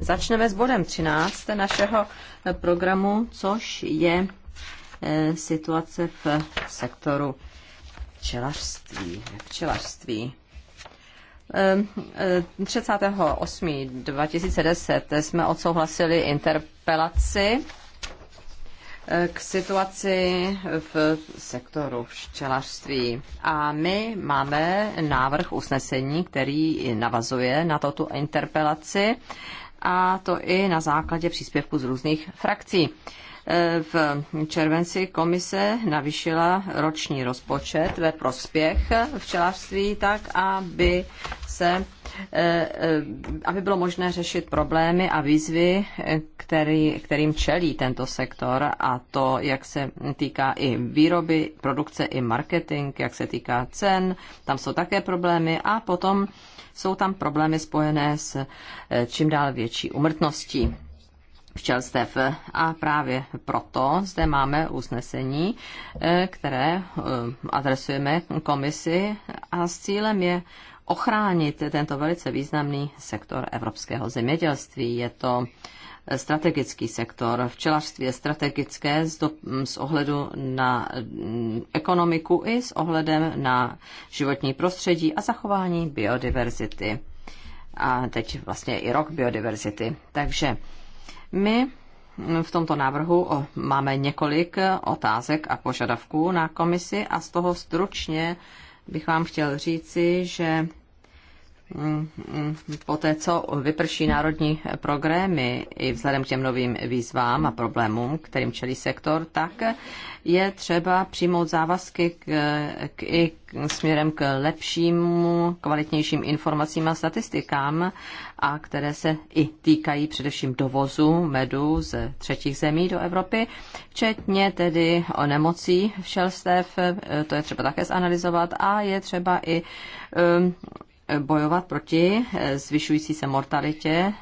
Začneme s bodem 13 našeho programu, což je eh, situace v sektoru včelařství. včelařství. 38. Ehm, 2010 eh, jsme odsouhlasili interpelaci k situaci v sektoru včelařství. A my máme návrh usnesení, který navazuje na toto interpelaci a to i na základě příspěvku z různých frakcí v červenci komise navyšila roční rozpočet ve prospěch včelařství tak, aby se eh, eh, aby bylo možné řešit problémy a výzvy, který, kterým čelí tento sektor a to, jak se týká i výroby, produkce i marketing, jak se týká cen, tam jsou také problémy a potom jsou tam problémy spojené s eh, čím dál větší umrtností včelstev. A právě proto zde máme usnesení, eh, které eh, adresujeme komisi a s cílem je ochránit tento velice významný sektor evropského zemědělství. Je to eh, strategický sektor. Včelařství je strategické z, do, hm, z ohledu na hm, ekonomiku i s ohledem na životní prostředí a zachování biodiverzity. A teď vlastně i rok biodiverzity. Takže my v tomto návrhu máme několik otázek a požadavků na komisi a z toho stručně bych vám chtěl říci, že Mm, mm, poté, co vyprší národní programy i vzhledem k těm novým výzvám a problémům, kterým čelí sektor, tak je třeba přijmout závazky k, k, i k, směrem k lepšímu, kvalitnějším informacím a statistikám, a které se i týkají především dovozu medu z třetích zemí do Evropy, včetně tedy o nemocí všelstev, to je třeba také zanalizovat a je třeba i um, bojovat proti eh, zvyšující se mortalitě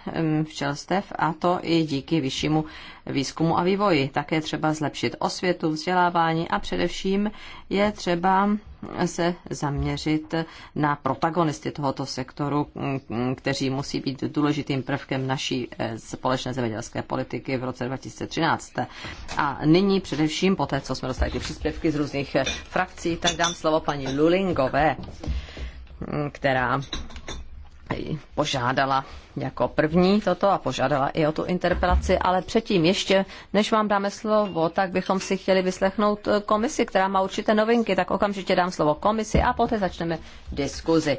včelstev a to i díky vyššímu výzkumu a vývoji. Také třeba zlepšit osvětu, vzdělávání a především je třeba se zaměřit na protagonisty tohoto sektoru, mm, kteří musí být důležitým prvkem naší eh, společné zemědělské politiky v roce 2013. A nyní především, po té, co jsme dostali ty příspěvky z různých eh, frakcí, tak dám slovo paní Lulingové která požádala jako první toto a požádala i o tu interpelaci, ale předtím ještě, než vám dáme slovo, tak bychom si chtěli vyslechnout eh, komisi, která má určité novinky, tak okamžitě dám slovo komisi a poté začneme diskuzi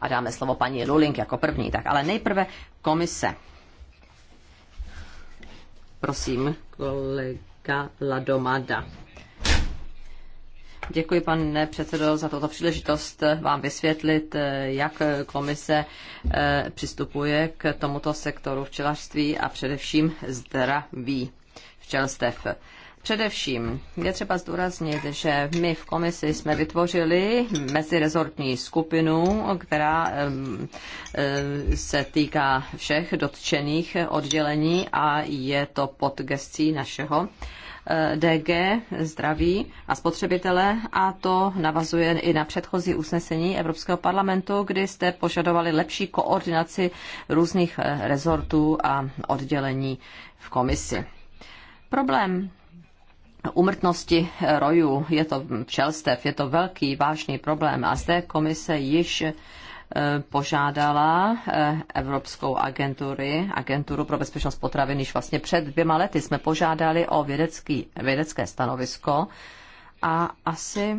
a dáme slovo paní Lulink jako první. Tak ale nejprve komise. Prosím, kolega Ladomada. Děkuji, pane předsedo, za tuto příležitost vám vysvětlit, eh, jak komise eh, přistupuje k tomuto sektoru včelařství a především zdraví včelstev. Především je třeba zdůraznit, že my v komisi jsme vytvořili meziresortní skupinu, která eh, se týká všech dotčených oddělení a je to pod gestí našeho Eh, DG zdraví a spotřebitele a to navazuje i na předchozí usnesení Evropského parlamentu, kdy jste požadovali lepší koordinaci různých eh, rezortů a oddělení v komisi. Problém umrtnosti eh, rojů, je to včelstev, je to velký, vážný problém a zde komise již Eh, požádala eh, Evropskou agentury, agenturu pro bezpečnost potravin, již vlastně před dvěma lety jsme požádali o vědecký, vědecké stanovisko a asi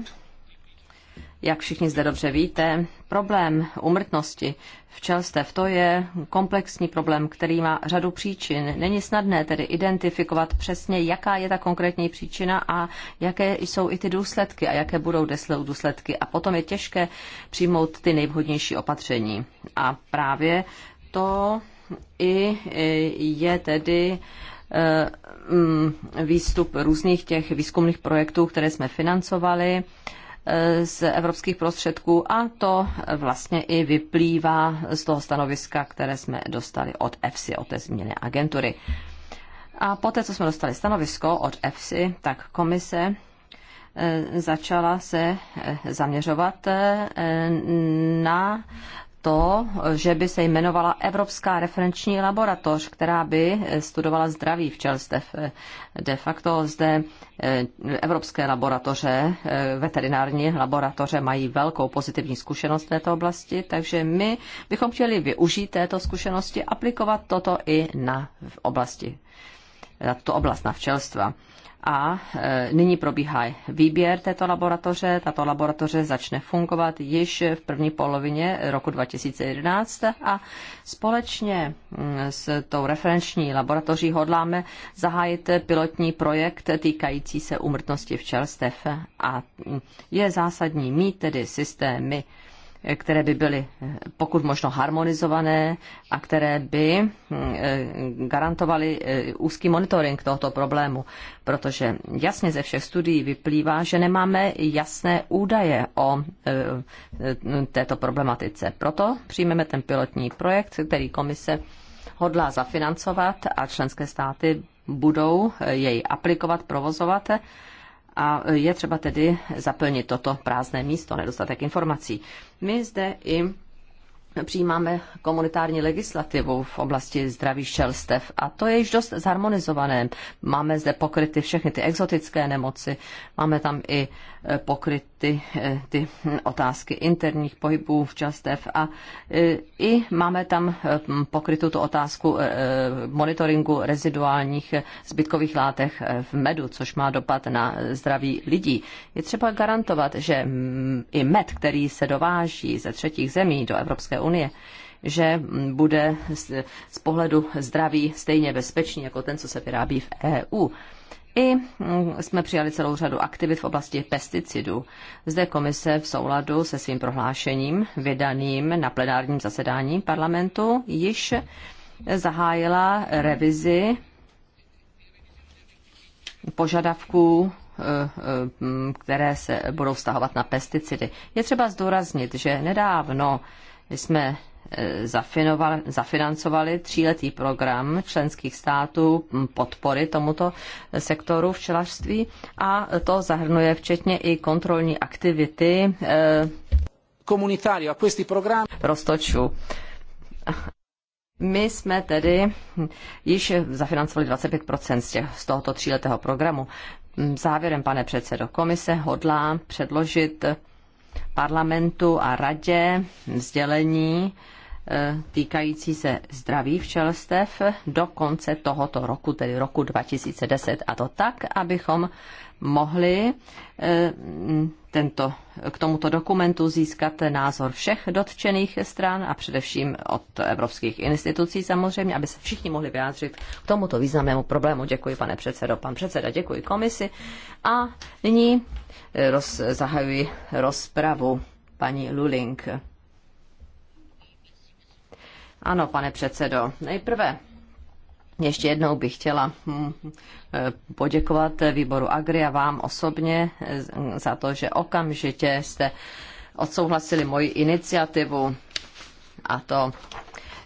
jak všichni zde dobře víte, problém umrtnosti včelstev to je komplexní problém, který má řadu příčin. Není snadné tedy identifikovat přesně, jaká je ta konkrétní příčina a jaké jsou i ty důsledky a jaké budou důsledky. A potom je těžké přijmout ty nejvhodnější opatření. A právě to i e, je tedy e, mm, výstup různých těch výzkumných projektů, které jsme financovali z evropských prostředků a to vlastně i vyplývá z toho stanoviska, které jsme dostali od EFSI, od té změny agentury. A poté, co jsme dostali stanovisko od EFSI, tak komise eh, začala se eh, zaměřovat eh, na to, že by se jmenovala Evropská referenční laboratoř, která by eh, studovala zdraví včelstev. Eh, de facto zde eh, evropské laboratoře, veterinární laboratoře mají velkou pozitivní zkušenost v této oblasti, takže my bychom chtěli využít této zkušenosti, aplikovat toto i na v oblasti na tuto oblast na včelstva a e, nyní probíhá výběr této laboratoře. Tato laboratoře začne fungovat již v první polovině roku 2011 a společně mm, s tou referenční laboratoří hodláme zahájit pilotní projekt týkající se umrtnosti včelstev a mm, je zásadní mít tedy systémy které by byly eh, pokud možno harmonizované a které by eh, garantovaly eh, úzký monitoring tohoto problému, protože jasně ze všech studií vyplývá, že nemáme jasné údaje o této problematice. Proto přijmeme ten pilotní projekt, který komise hodlá zafinancovat a členské státy budou jej aplikovat, provozovat a je třeba tedy zaplnit toto prázdné místo, nedostatek informací. My zde i přijímáme komunitární legislativu v oblasti zdraví šelstev a to je již dost zharmonizované. Máme zde pokryty všechny ty exotické nemoci, máme tam i pokryt ty, eh, ty otázky interních pohybů v častev a eh, i máme tam hm, pokrytou tu otázku eh, monitoringu reziduálních zbytkových látek v medu, což má dopad na zdraví lidí. Je třeba garantovat, že hm, i med, který se dováží ze třetích zemí do Evropské unie, že hm, bude z, z pohledu zdraví stejně bezpečný jako ten, co se vyrábí v EU. I hm, jsme přijali celou řadu aktivit v oblasti pesticidů. Zde komise v souladu se svým prohlášením vydaným na plenárním zasedání parlamentu již zahájila revizi požadavků eh, eh, které se budou vztahovat na pesticidy. Je třeba zdůraznit, že nedávno jsme Eh, zafinancovali tříletý program členských států hm, podpory tomuto sektoru včelařství a to zahrnuje včetně i kontrolní aktivity eh, komunitario a questi programmi roztočů. My jsme tedy již zafinancovali 25% z, těch, z tohoto tříletého programu. Hm, závěrem, pane předsedo, komise hodlá předložit parlamentu a radě sdělení E, týkající se zdraví včelstev do konce tohoto roku, tedy roku 2010. A to tak, abychom mohli e, tento, k tomuto dokumentu získat názor všech dotčených stran a především od evropských institucí samozřejmě, aby se všichni mohli vyjádřit k tomuto významnému problému. Děkuji, pane předsedo. Pan předseda, děkuji komisi. A nyní e, roz, zahajuji rozpravu paní Luling. Ano, pane předsedo. Nejprve ještě jednou bych chtěla hm, eh, poděkovat výboru Agri a vám osobně za to, že okamžitě jste odsouhlasili moji iniciativu a to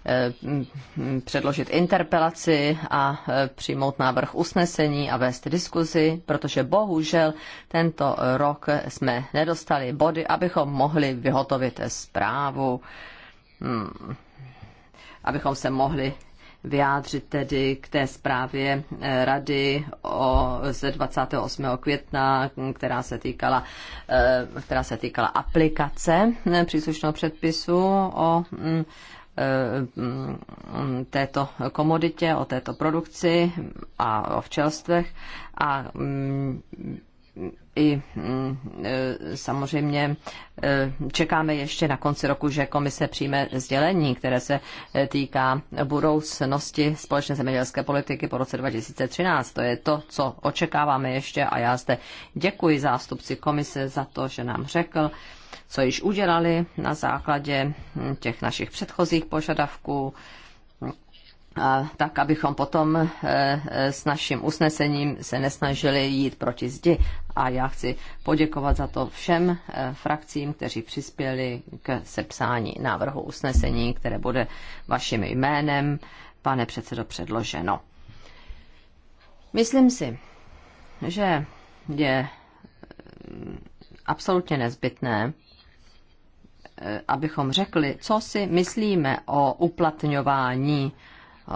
eh, hm, předložit interpelaci a eh, přijmout návrh usnesení a vést diskuzi, protože bohužel tento rok jsme nedostali body, abychom mohli vyhotovit zprávu hm abychom se mohli vyjádřit tedy k té zprávě eh, rady o, z 28. května, která se týkala, eh, která se týkala aplikace eh, příslušného předpisu o mm, mm, této komoditě, o této produkci a o včelstvech. A mm, i mm, e, samozřejmě e, čekáme ještě na konci roku, že komise přijme sdělení, které se e, týká budoucnosti společné zemědělské politiky po roce 2013. To je to, co očekáváme ještě a já zde děkuji zástupci komise za to, že nám řekl, co již udělali na základě mm, těch našich předchozích požadavků a tak, abychom potom eh, eh, s naším usnesením se nesnažili jít proti zdi. A já chci poděkovat za to všem eh, frakcím, kteří přispěli k sepsání návrhu usnesení, které bude vaším jménem, pane předsedo, předloženo. Myslím si, že je absolutně nezbytné, abychom řekli, co si myslíme o uplatňování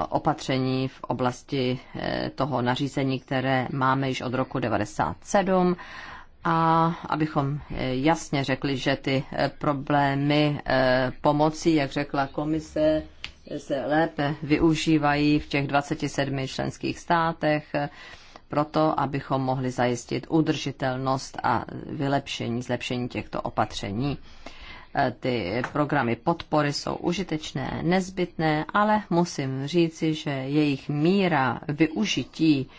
opatření v oblasti eh, toho nařízení, které máme již od roku 1997 a abychom eh, jasně řekli, že ty eh, problémy pomocí, jak řekla komise, se lépe využívají v těch 27 členských státech proto, abychom mohli zajistit udržitelnost a vylepšení, zlepšení těchto opatření ty programy podpory jsou užitečné, nezbytné, ale musím říci, že jejich míra využití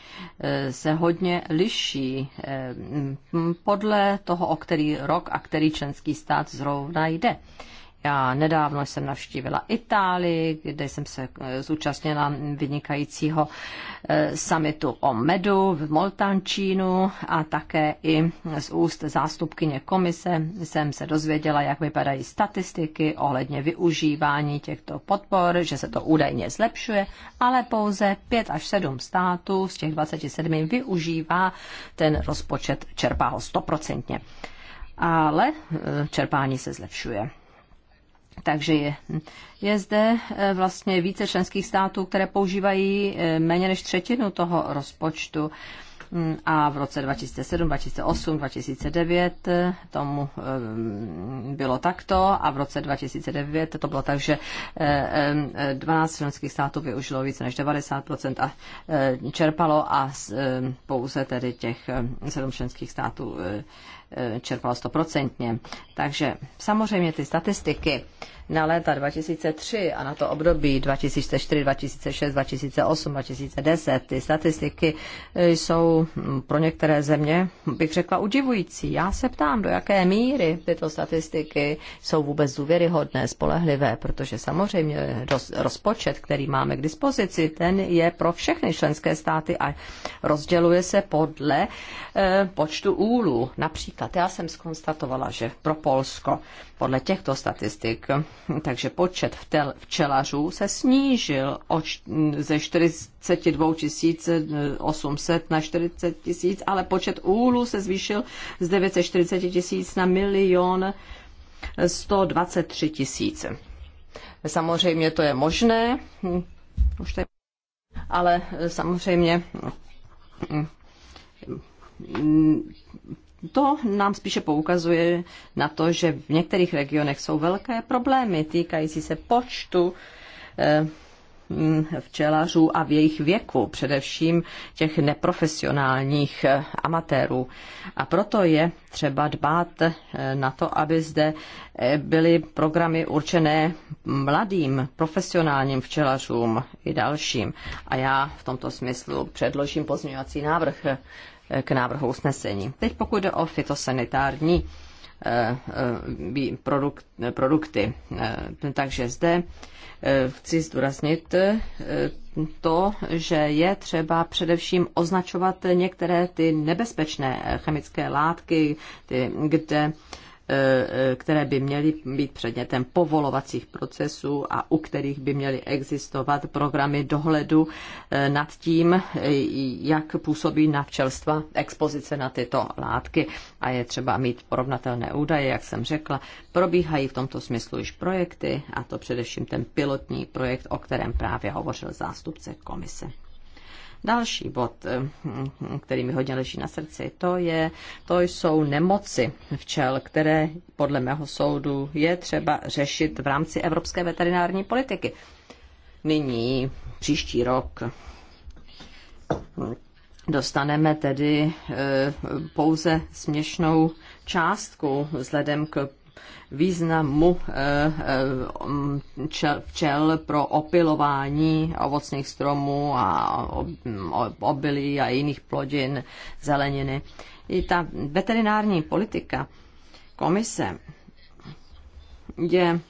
eh, se hodně liší eh, podle toho, o který rok a který členský stát zrovna jde. Já nedávno jsem navštívila Itálii, kde jsem se eh, zúčastnila vynikajícího eh, samitu o medu v Moltančínu a také i z úst zástupkyně komise jsem se dozvěděla, jak vypadají statistiky ohledně využívání těchto podpor, že se to údajně zlepšuje, ale pouze 5 až 7 států z těch 27 využívá ten rozpočet, čerpá ho stoprocentně. Ale eh, čerpání se zlepšuje. Takže je, je zde eh, vlastně více členských států, které používají eh, méně než třetinu toho rozpočtu a v roce 2007, 2008, 2009 tomu eh, bylo takto a v roce 2009 to bylo tak, že 12 eh, eh, členských států využilo více než 90% a čerpalo a pouze tedy těch 7 členských států čerpalo stoprocentně. Takže samozřejmě ty statistiky na léta 2003 a na to období 2004, 2006, 2008, 2010. Ty statistiky eh, jsou hm, pro některé země, bych řekla, udivující. Já se ptám, do jaké míry tyto statistiky jsou vůbec důvěryhodné, spolehlivé, protože samozřejmě rozpočet, který máme k dispozici, ten je pro všechny členské státy a rozděluje se podle eh, počtu úlů. Například já jsem skonstatovala, že pro Polsko podle těchto statistik. Takže počet vtel, včelařů se snížil o, ze 42 800 na 40 tisíc, ale počet úlů se zvýšil z 940 tisíc na milion 123 000. Samozřejmě to je možné, už to je, ale samozřejmě to nám spíše poukazuje na to, že v některých regionech jsou velké problémy týkající se počtu eh, mm, včelařů a v jejich věku, především těch neprofesionálních eh, amatérů. A proto je třeba dbát eh, na to, aby zde byly programy určené mladým profesionálním včelařům i dalším. A já v tomto smyslu předložím pozměňovací návrh k návrhu usnesení. Teď pokud jde o fitosanitární eh, eh, produkt, eh, produkty. Takže zde chci zdůraznit to, že je třeba především označovat některé ty nebezpečné chemické látky, ty, kde E, e, které by měly být předmětem povolovacích procesů a u kterých by měly existovat programy dohledu e, nad tím, jak působí na včelstva expozice na tyto látky. A je třeba mít porovnatelné údaje, jak jsem řekla. Probíhají v tomto smyslu již projekty, a to především ten pilotní projekt, o kterém právě hovořil zástupce komise. Další bod, který mi hodně leží na srdci, to, je, to jsou nemoci včel, které podle mého soudu je třeba řešit v rámci evropské veterinární politiky. Nyní, příští rok, dostaneme tedy eh, pouze směšnou částku vzhledem k významu eh, eh, včel pro opilování ovocných stromů a obilí a jiných plodin, zeleniny. I ta veterinární politika komise je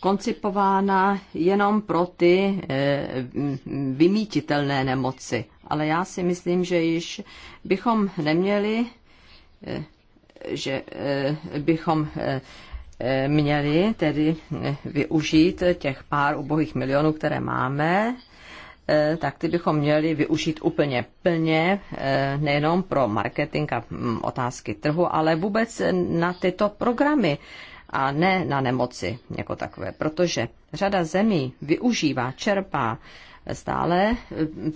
koncipována jenom pro ty eh, vymítitelné nemoci. Ale já si myslím, že již bychom neměli že eh, bychom eh, eh, měli tedy využít těch pár ubohých milionů, které máme, tak ty bychom měli využít úplně plně, nejenom pro marketing a mm, otázky trhu, ale vůbec na tyto programy a ne na nemoci jako takové, protože řada zemí využívá, čerpá stále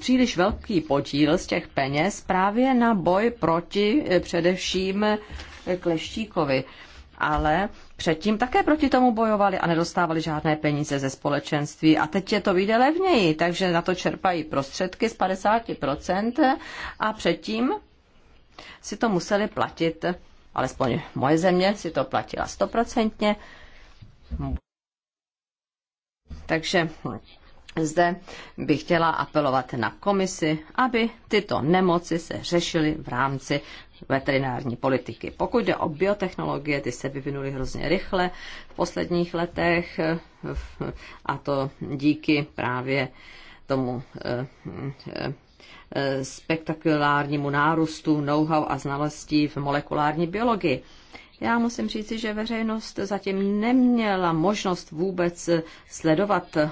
příliš velký podíl z těch peněz právě na boj proti především Kleštíkovi. Ale předtím také proti tomu bojovali a nedostávali žádné peníze ze společenství. A teď je to vyjde levněji, takže na to čerpají prostředky z 50% a předtím si to museli platit, alespoň moje země si to platila stoprocentně. Takže zde bych chtěla apelovat na komisi, aby tyto nemoci se řešily v rámci veterinární politiky. Pokud jde o biotechnologie, ty se vyvinuly hrozně rychle v posledních letech a to díky právě tomu eh, eh, eh, spektakulárnímu nárůstu know-how a znalostí v molekulární biologii. Já musím říci, že veřejnost zatím neměla možnost vůbec sledovat eh,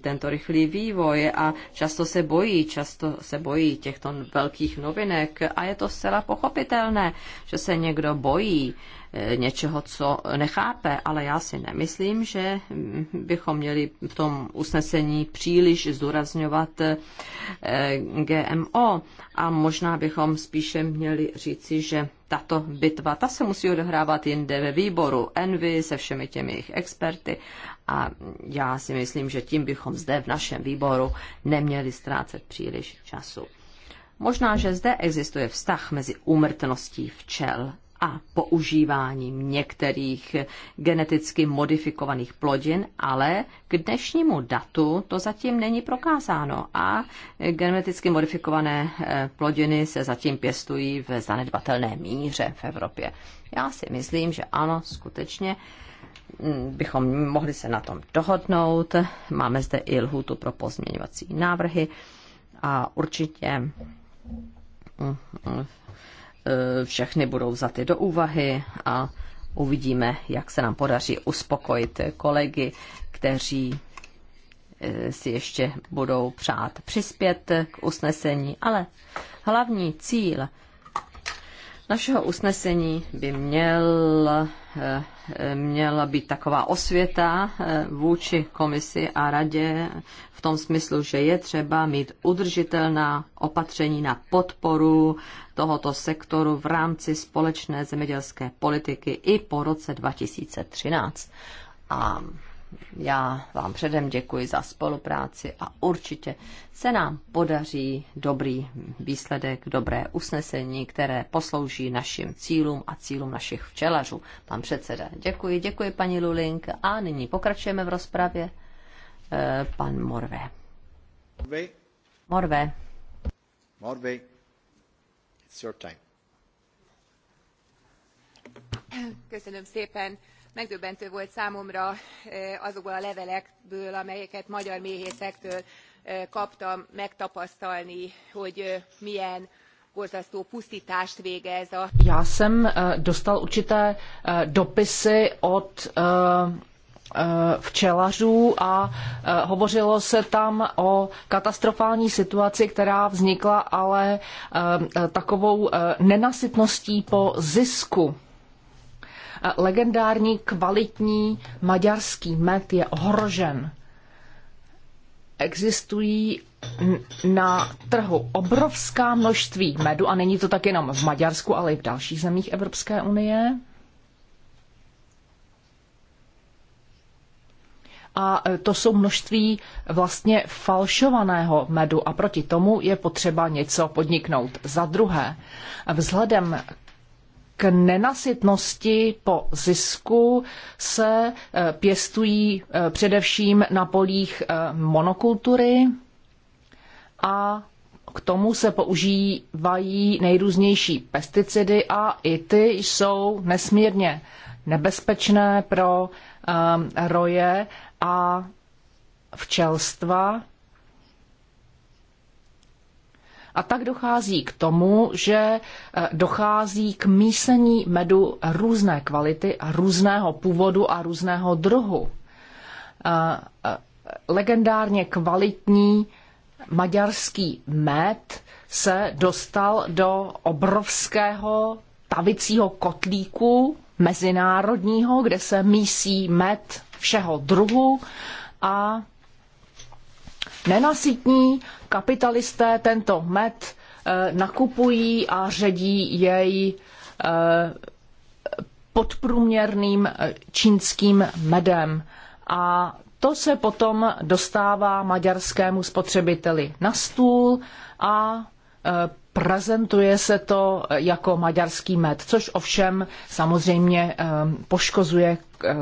tento rychlý vývoj a často se bojí, často se bojí těchto velkých novinek a je to zcela pochopitelné, že se někdo bojí eh, něčeho, co nechápe, ale já si nemyslím, že hm, bychom měli v tom usnesení příliš zdůrazňovat eh, GMO a možná bychom spíše měli říci, že tato bitva, ta se musí odehrávat jinde ve výboru Envy se všemi těmi jejich experty a já si myslím, že tím bychom zde v našem výboru neměli ztrácet příliš času. Možná, že zde existuje vztah mezi úmrtností včel a používáním některých geneticky modifikovaných plodin, ale k dnešnímu datu to zatím není prokázáno a geneticky modifikované eh, plodiny se zatím pěstují v zanedbatelné míře v Evropě. Já si myslím, že ano, skutečně mm, bychom mohli se na tom dohodnout. Máme zde i lhutu pro pozměňovací návrhy a určitě mm, Eh, všechny budou vzaty do úvahy a uvidíme, jak se nám podaří uspokojit kolegy, kteří eh, si ještě budou přát přispět k usnesení, ale hlavní cíl našeho usnesení by měl měla být taková osvěta eh, vůči komisi a radě v tom smyslu, že je třeba mít udržitelná opatření na podporu tohoto sektoru v rámci společné zemědělské politiky i po roce 2013. A já vám předem děkuji za spolupráci a určitě se nám podaří dobrý výsledek, dobré usnesení, které poslouží našim cílům a cílům našich včelařů. Pan předseda, děkuji, děkuji paní Lulink a nyní pokračujeme v rozpravě. Eh, pan Morve. Morve. Morve. Morve. It's your time. Köszönöm szépen megdöbbentő volt számomra azokból a levelekből amelyeket magyar méhészektől kaptam megtapasztalni hogy milyen borzasztó puszttást végez a. Já jsem dostal určité dopisy od včelařů a hovořilo se tam o katastrofální situaci, která vznikla ale takovou nenasytností po zisku legendární kvalitní maďarský med je ohrožen. Existují na trhu obrovská množství medu a není to tak jenom v Maďarsku, ale i v dalších zemích Evropské unie. a e, to jsou množství vlastně falšovaného medu a proti tomu je potřeba něco podniknout. Za druhé, vzhledem k nenasytnosti po zisku se eh, pěstují eh, především na polích eh, monokultury a k tomu se používají nejrůznější pesticidy a i ty jsou nesmírně nebezpečné pro roje a včelstva a tak dochází k tomu, že eh, dochází k mísení medu různé kvality, různého původu a různého druhu. Eh, eh, legendárně kvalitní maďarský med se dostal do obrovského tavicího kotlíku mezinárodního, kde se mísí med všeho druhu a nenasytní, kapitalisté tento med eh, nakupují a ředí jej eh, podprůměrným eh, čínským medem. A to se potom dostává maďarskému spotřebiteli na stůl a prezentuje se to jako maďarský med, což ovšem samozřejmě poškozuje Eh,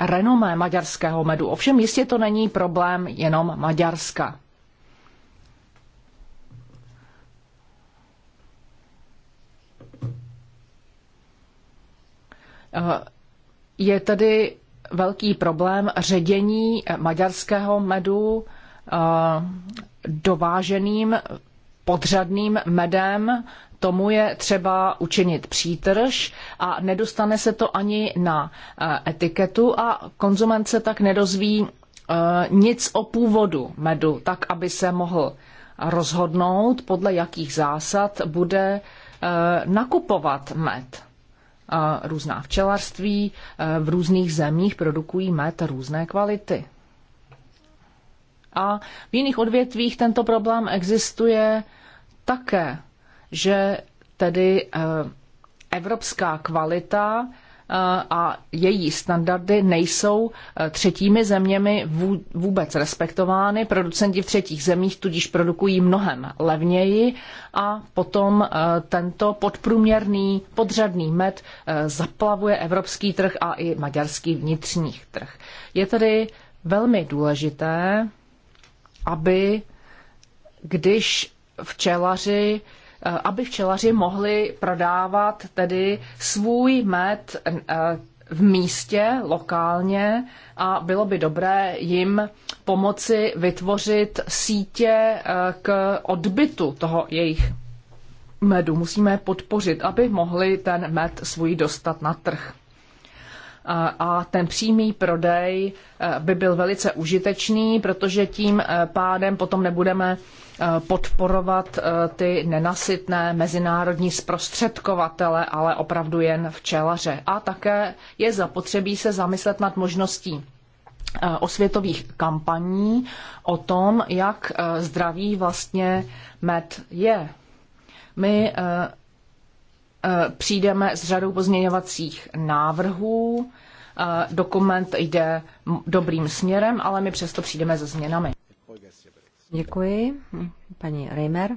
renomé maďarského medu. Ovšem jistě to není problém jenom Maďarska. Eh, je tedy velký problém ředění maďarského medu eh, dováženým podřadným medem tomu je třeba učinit přítrž a nedostane se to ani na eh, etiketu a konzument se tak nedozví eh, nic o původu medu, tak aby se mohl rozhodnout, podle jakých zásad bude eh, nakupovat med. Různá včelařství v různých zemích produkují med různé kvality. A v jiných odvětvích tento problém existuje také že tedy eh, evropská kvalita eh, a její standardy nejsou eh, třetími zeměmi vůbec respektovány. Producenti v třetích zemích tudíž produkují mnohem levněji a potom tento podprůměrný podřadný med zaplavuje evropský trh a i maďarský vnitřní trh. Je tedy velmi důležité, aby když včelaři Eh, aby včelaři mohli prodávat tedy svůj med eh, v místě, lokálně a bylo by dobré jim pomoci vytvořit sítě eh, k odbytu toho jejich medu. Musíme je podpořit, aby mohli ten med svůj dostat na trh a ten přímý prodej eh, by byl velice užitečný, protože tím eh, pádem potom nebudeme eh, podporovat ty nenasytné mezinárodní zprostředkovatele, ale opravdu jen včelaře. A také je zapotřebí se zamyslet nad možností osvětových kampaní o tom, jak zdravý vlastně med je. My Eh, přijdeme s řadou pozměňovacích návrhů. Eh, dokument jde dobrým směrem, ale my přesto přijdeme se změnami. Děkuji. Paní Reimer.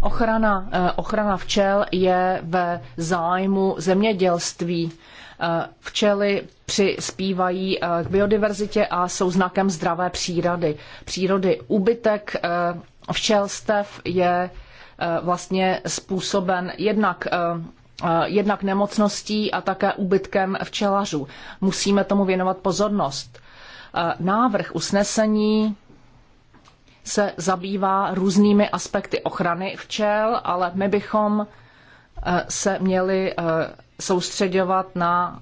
Ochrana, eh, ochrana včel je ve zájmu zemědělství. Včely přispívají k biodiverzitě a jsou znakem zdravé přírody. Přírody ubytek včelstev je eh, vlastně způsoben jednak eh, eh, jednak nemocností a také úbytkem včelařů. Musíme tomu věnovat pozornost. Návrh usnesení se zabývá různými aspekty ochrany včel, ale my bychom se měli soustředovat na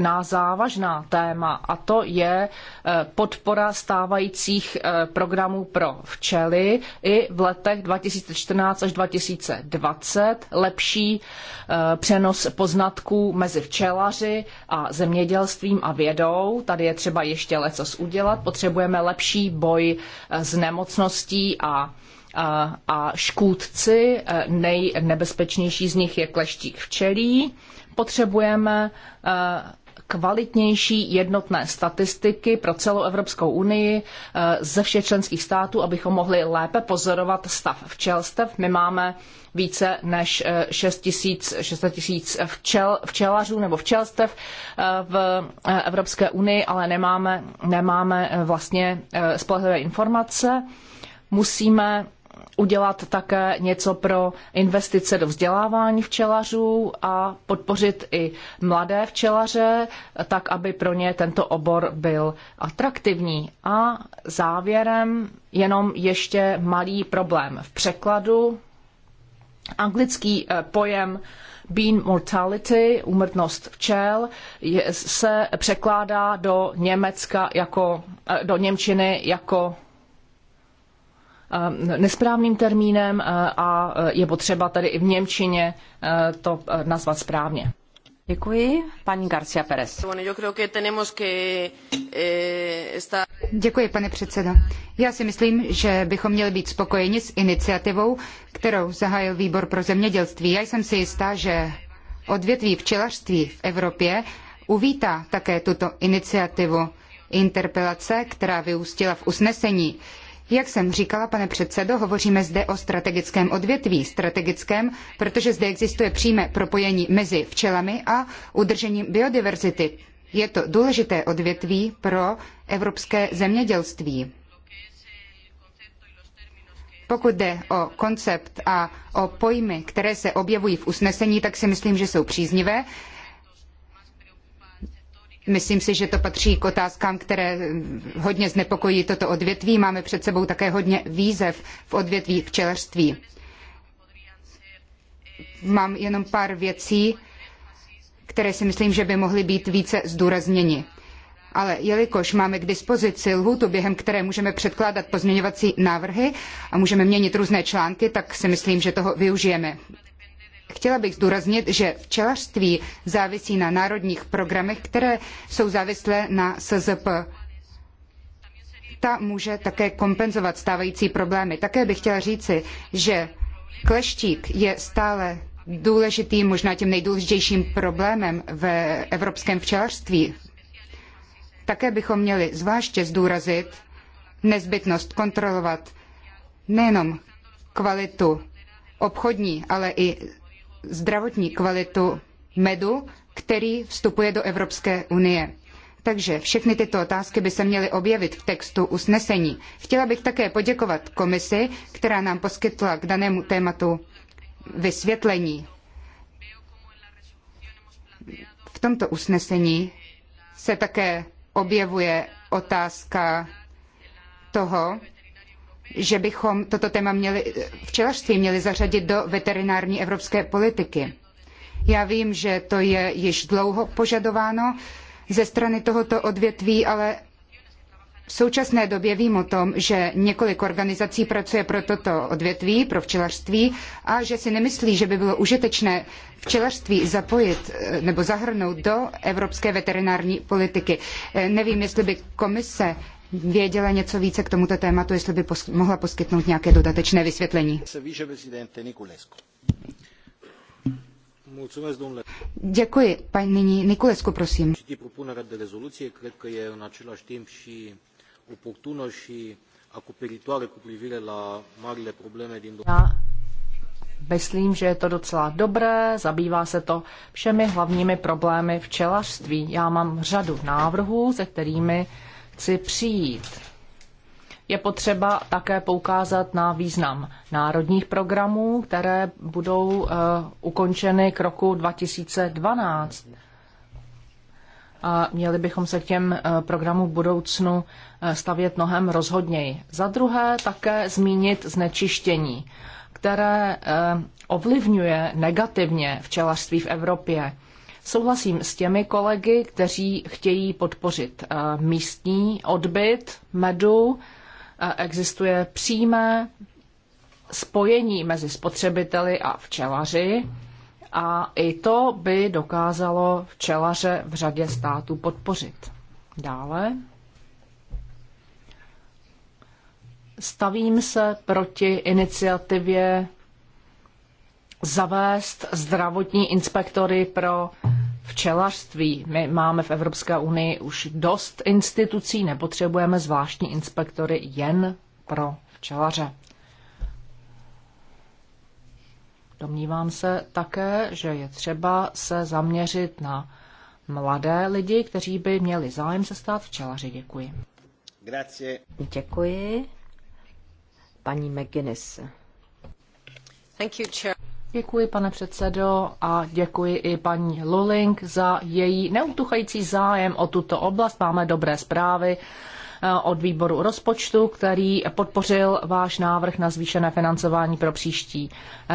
na závažná téma a to je e, podpora stávajících e, programů pro včely i v letech 2014 až 2020, lepší e, přenos poznatků mezi včelaři a zemědělstvím a vědou. Tady je třeba ještě lecos udělat. Potřebujeme lepší boj s nemocností a a škůdci, nejnebezpečnější z nich je kleštík včelí Potřebujeme eh, kvalitnější jednotné statistiky pro celou Evropskou unii eh, ze všech členských států, abychom mohli lépe pozorovat stav včelstev. My máme více než 6 eh, tisíc, včel, včelařů nebo včelstev v Evropské unii, ale nemáme, nemáme vlastně spolehlivé informace. Musíme udělat také něco pro investice do vzdělávání včelařů a podpořit i mladé včelaře, tak aby pro ně tento obor byl atraktivní. A závěrem jenom ještě malý problém v překladu. Anglický eh, pojem bean mortality, úmrtnost včel, se překládá do Německa jako, eh, do Němčiny jako nesprávným termínem a je potřeba tedy i v Němčině to nazvat správně. Děkuji. Paní Garcia Perez. Eh, Děkuji, pane předsedo. Já si myslím, že bychom měli být spokojeni s iniciativou, kterou zahájil výbor pro zemědělství. Já jsem si jistá, že odvětví včelařství v Evropě uvítá také tuto iniciativu interpelace, která vyústila v usnesení. Jak jsem říkala, pane předsedo, hovoříme zde o strategickém odvětví. Strategickém, protože zde existuje přímé propojení mezi včelami a udržením biodiverzity. Je to důležité odvětví pro evropské zemědělství. Pokud jde o koncept a o pojmy, které se objevují v usnesení, tak si myslím, že jsou příznivé Myslím si, že to patří k otázkám, které hodně znepokojí toto odvětví. Máme před sebou také hodně výzev v odvětví včelařství. Mám jenom pár věcí, které si myslím, že by mohly být více zdůrazněny. Ale jelikož máme k dispozici lhůtu, během které můžeme předkládat pozměňovací návrhy a můžeme měnit různé články, tak si myslím, že toho využijeme. Chtěla bych zdůraznit, že včelařství závisí na národních programech, které jsou závislé na SZP ta může také kompenzovat stávající problémy. Také bych chtěla říci, že kleštík je stále důležitým, možná tím nejdůležitějším problémem v evropském včelařství. Také bychom měli zvláště zdůrazit nezbytnost kontrolovat nejenom kvalitu obchodní, ale i zdravotní kvalitu medu, který vstupuje do Evropské unie. Takže všechny tyto otázky by se měly objevit v textu usnesení. Chtěla bych také poděkovat komisi, která nám poskytla k danému tématu vysvětlení. V tomto usnesení se také objevuje otázka toho, že bychom toto téma měli, včelařství měli zařadit do veterinární evropské politiky. Já vím, že to je již dlouho požadováno ze strany tohoto odvětví, ale v současné době vím o tom, že několik organizací pracuje pro toto odvětví, pro včelařství a že si nemyslí, že by bylo užitečné včelařství zapojit eh, nebo zahrnout do evropské veterinární politiky. Eh, nevím, jestli by komise věděla něco více k tomuto tématu, jestli by mohla poskytnout nějaké dodatečné vysvětlení. Děkuji, paní Nikulescu, prosím. Já myslím, že je to docela dobré, zabývá se to všemi hlavními problémy včelařství. Já mám řadu návrhů, se kterými chci přijít. Je potřeba také poukázat na význam národních programů, které budou uh, ukončeny k roku 2012. A měli bychom se k těm uh, programům v budoucnu uh, stavět mnohem rozhodněji. Za druhé také zmínit znečištění, které uh, ovlivňuje negativně včelařství v Evropě Souhlasím s těmi kolegy, kteří chtějí podpořit eh, místní odbyt medu. Eh, existuje přímé spojení mezi spotřebiteli a včelaři a i to by dokázalo včelaře v řadě států podpořit. Dále. Stavím se proti iniciativě zavést zdravotní inspektory pro včelařství. My máme v Evropské unii už dost institucí, nepotřebujeme zvláštní inspektory jen pro včelaře. Domnívám se také, že je třeba se zaměřit na mladé lidi, kteří by měli zájem se stát včelaři. Děkuji. Grazie. Děkuji. Paní McGuinness. Thank you, chair. Děkuji, pane předsedo, a děkuji i paní Luling za její neutuchající zájem o tuto oblast. Máme dobré zprávy eh, od výboru rozpočtu, který podpořil váš návrh na zvýšené financování pro příští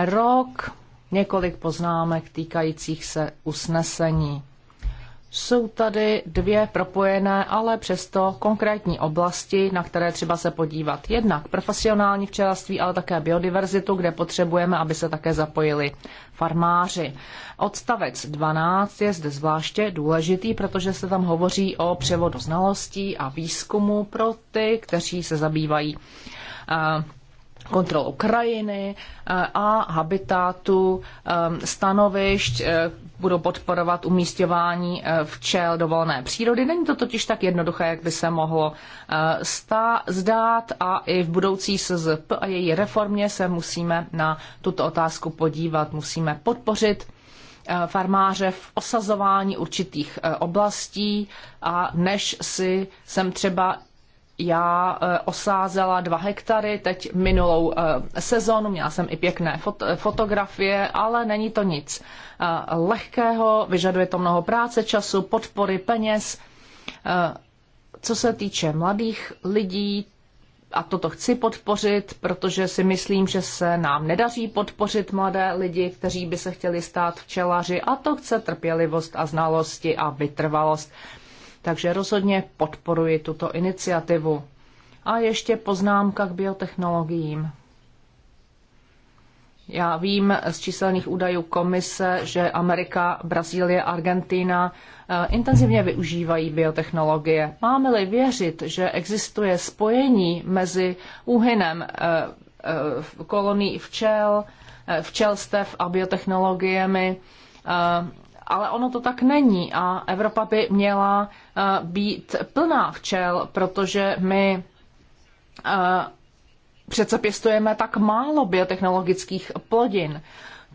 rok. Několik poznámek týkajících se usnesení. Jsou tady dvě propojené, ale přesto konkrétní oblasti, na které třeba se podívat. Jednak profesionální včelství, ale také biodiverzitu, kde potřebujeme, aby se také zapojili farmáři. Odstavec 12 je zde zvláště důležitý, protože se tam hovoří o převodu znalostí a výzkumu pro ty, kteří se zabývají eh, kontrolou krajiny eh, a habitátu eh, stanovišť, eh, budou podporovat umístěvání včel do volné přírody. Není to totiž tak jednoduché, jak by se mohlo stá, zdát a i v budoucí SZP a její reformě se musíme na tuto otázku podívat. Musíme podpořit farmáře v osazování určitých oblastí a než si sem třeba já eh, osázela dva hektary teď minulou eh, sezonu, měla jsem i pěkné fot- fotografie, ale není to nic eh, lehkého, vyžaduje to mnoho práce, času, podpory, peněz. Co se týče mladých lidí, a toto chci podpořit, protože si myslím, že se nám nedaří podpořit mladé lidi, kteří by se chtěli stát včelaři a to chce trpělivost a znalosti a vytrvalost. Takže rozhodně podporuji tuto iniciativu. A ještě poznámka k biotechnologiím. Já vím z číselných údajů komise, že Amerika, Brazílie, Argentina eh, intenzivně využívají biotechnologie. Máme-li věřit, že existuje spojení mezi úhynem eh, eh, kolonií včel, včelstev a biotechnologiemi, ale ono to tak není a Evropa by měla eh, být plná včel, protože my eh, přece pěstujeme tak málo biotechnologických plodin.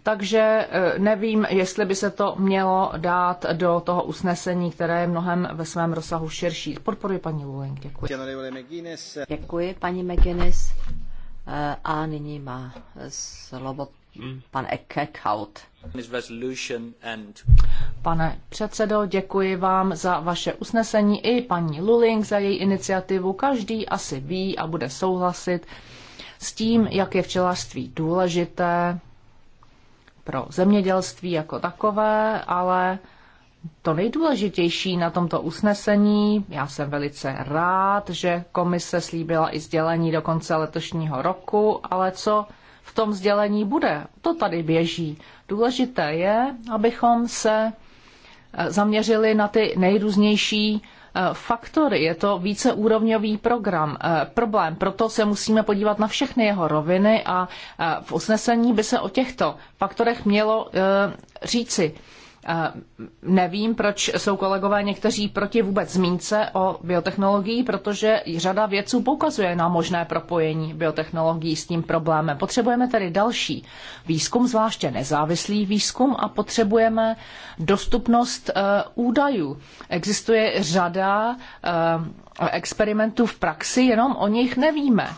Takže eh, nevím, jestli by se to mělo dát do toho usnesení, které je mnohem ve svém rozsahu širší. Podporuji paní Luling, děkuji. Děkuji paní McGuinness. A nyní má slovo pan Eckhout. Pane předsedo, děkuji vám za vaše usnesení i paní Luling za její iniciativu. Každý asi ví a bude souhlasit s tím, jak je včelařství důležité pro zemědělství jako takové, ale to nejdůležitější na tomto usnesení, já jsem velice rád, že komise slíbila i sdělení do konce letošního roku, ale co v tom sdělení bude. To tady běží. Důležité je, abychom se eh, zaměřili na ty nejrůznější eh, faktory. Je to víceúrovňový program, eh, problém, proto se musíme podívat na všechny jeho roviny a v usnesení by se o těchto faktorech mělo říci. Nevím, proč jsou kolegové někteří proti vůbec zmínce o biotechnologii, protože řada vědců poukazuje na možné propojení biotechnologií s tím problémem. Potřebujeme tedy další výzkum, zvláště nezávislý výzkum a potřebujeme dostupnost eh, údajů. Existuje řada eh, experimentů v praxi, jenom o nich nevíme.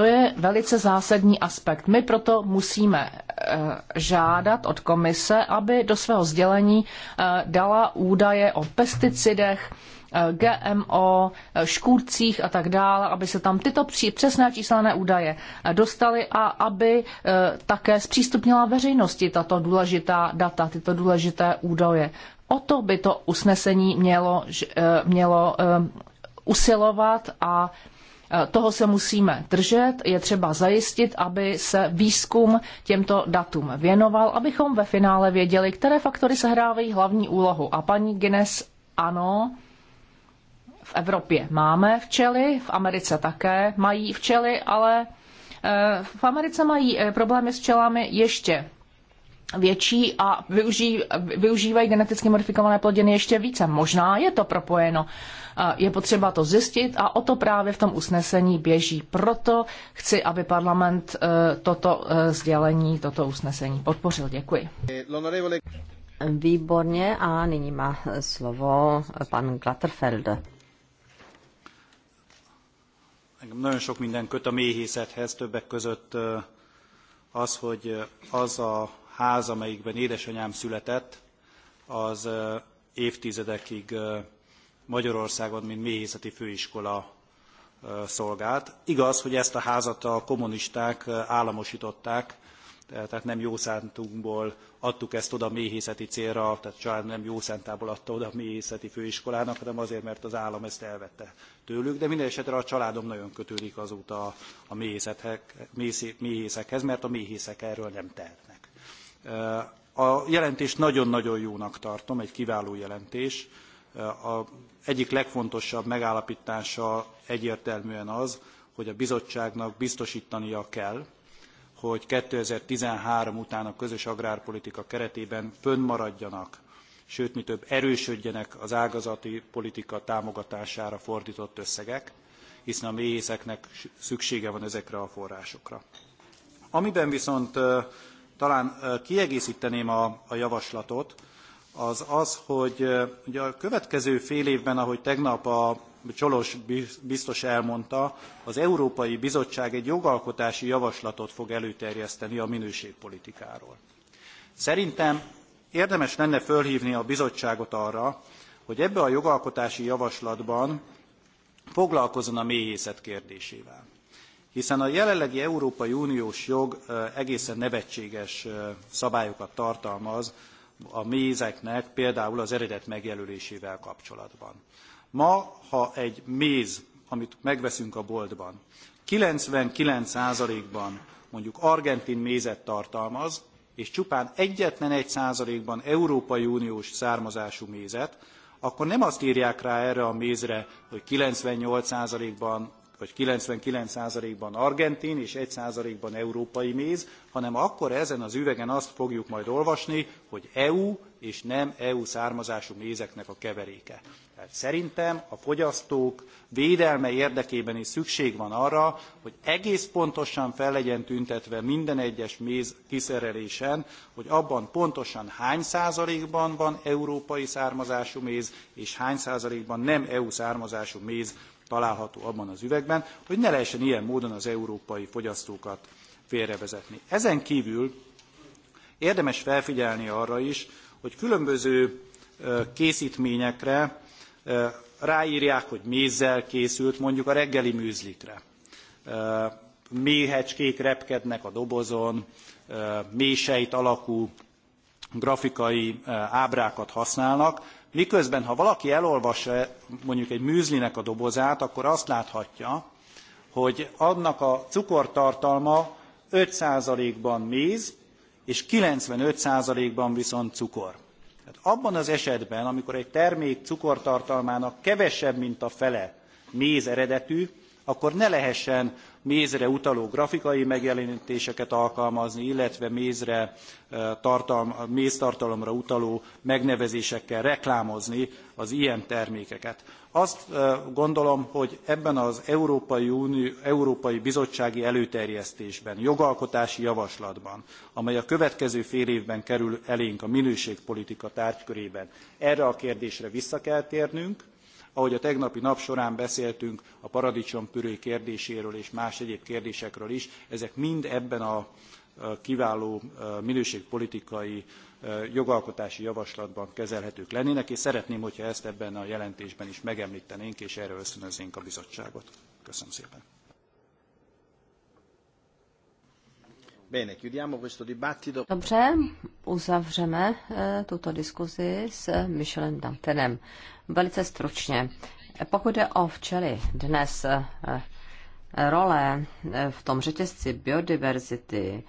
To je velice zásadní aspekt. My proto musíme eh, žádat od komise, aby do svého sdělení eh, dala údaje o pesticidech, eh, GMO, škůdcích a tak dále, aby se tam tyto přesné číselné údaje dostaly a aby také zpřístupnila veřejnosti tato důležitá data, tyto důležité údaje. O to by to usnesení mělo, mělo usilovat a toho se musíme držet, je třeba zajistit, aby se výzkum těmto datům věnoval, abychom ve finále věděli, které faktory sehrávají hlavní úlohu. A paní Guinness, ano, v Evropě máme včely, v Americe také mají včely, ale eh, v Americe mají eh, problémy s včelami ještě větší a využí, využívají geneticky modifikované plodiny ještě více. Možná je to propojeno. Je potřeba to zjistit a o to právě v tom usnesení běží. Proto chci, aby parlament e, toto e, sdělení, toto usnesení podpořil. Děkuji. Výborně a nyní má slovo pan Glatterfeld. Engem nagyon sok minden köt a méhészethez, többek között e, az, hogy az a ház, amelyikben édesanyám született, az évtizedekig Magyarországon, mint méhészeti főiskola szolgált. Igaz, hogy ezt a házat a kommunisták államosították, tehát nem jó szántunkból adtuk ezt oda méhészeti célra, tehát a család nem jó szántából adta oda a méhészeti főiskolának, hanem azért, mert az állam ezt elvette tőlük, de minden esetre a családom nagyon kötődik azóta a méhészekhez, mert a méhészek erről nem tehetnek. A jelentést nagyon-nagyon jónak tartom, egy kiváló jelentés. A egyik legfontosabb megállapítása egyértelműen az, hogy a bizottságnak biztosítania kell, hogy 2013 után a közös agrárpolitika keretében fönnmaradjanak, sőt, mi több erősödjenek az ágazati politika támogatására fordított összegek, hiszen a méhészeknek szüksége van ezekre a forrásokra. Amiben viszont talán kiegészíteném a, a javaslatot, az az, hogy ugye a következő fél évben, ahogy tegnap a Csolos biztos elmondta, az Európai Bizottság egy jogalkotási javaslatot fog előterjeszteni a minőségpolitikáról. Szerintem érdemes lenne fölhívni a bizottságot arra, hogy ebbe a jogalkotási javaslatban foglalkozzon a méhészet kérdésével hiszen a jelenlegi Európai Uniós jog egészen nevetséges szabályokat tartalmaz a mézeknek, például az eredet megjelölésével kapcsolatban. Ma, ha egy méz, amit megveszünk a boltban, 99%-ban mondjuk argentin mézet tartalmaz, és csupán egyetlen egy százalékban Európai Uniós származású mézet, akkor nem azt írják rá erre a mézre, hogy 98 ban hogy 99%-ban argentin és 1%-ban európai méz, hanem akkor ezen az üvegen azt fogjuk majd olvasni, hogy EU és nem EU származású mézeknek a keveréke. Tehát szerintem a fogyasztók védelme érdekében is szükség van arra, hogy egész pontosan fel legyen tüntetve minden egyes méz kiszerelésen, hogy abban pontosan hány százalékban van európai származású méz, és hány százalékban nem EU származású méz található abban az üvegben, hogy ne lehessen ilyen módon az európai fogyasztókat félrevezetni. Ezen kívül érdemes felfigyelni arra is, hogy különböző készítményekre ráírják, hogy mézzel készült mondjuk a reggeli műzlikre. Méhecskék repkednek a dobozon, mélysejt alakú grafikai ábrákat használnak, Miközben, ha valaki elolvassa mondjuk egy műzlinek a dobozát, akkor azt láthatja, hogy annak a cukortartalma 5%-ban méz, és 95%-ban viszont cukor. Tehát abban az esetben, amikor egy termék cukortartalmának kevesebb, mint a fele méz eredetű, akkor ne lehessen mézre utaló grafikai megjelentéseket alkalmazni, illetve mézre tartalm, méztartalomra utaló megnevezésekkel reklámozni az ilyen termékeket. Azt gondolom, hogy ebben az Európai, Unió, Európai Bizottsági előterjesztésben, jogalkotási javaslatban, amely a következő fél évben kerül elénk a minőségpolitika tárgykörében, erre a kérdésre vissza kell térnünk, Ahogy a tegnapi nap során beszéltünk a paradicsompüré kérdéséről és más egyéb kérdésekről is, ezek mind ebben a kiváló minőségpolitikai jogalkotási javaslatban kezelhetők lennének, és szeretném, hogyha ezt ebben a jelentésben is megemlítenénk, és erre ösztönöznénk a bizottságot. Köszönöm szépen. Dobře, uzavřeme eh, tuto diskuzi s Michelem Dantenem. Velice stručně. Pokud jde o včely, dnes eh, role eh, v tom řetězci biodiverzity,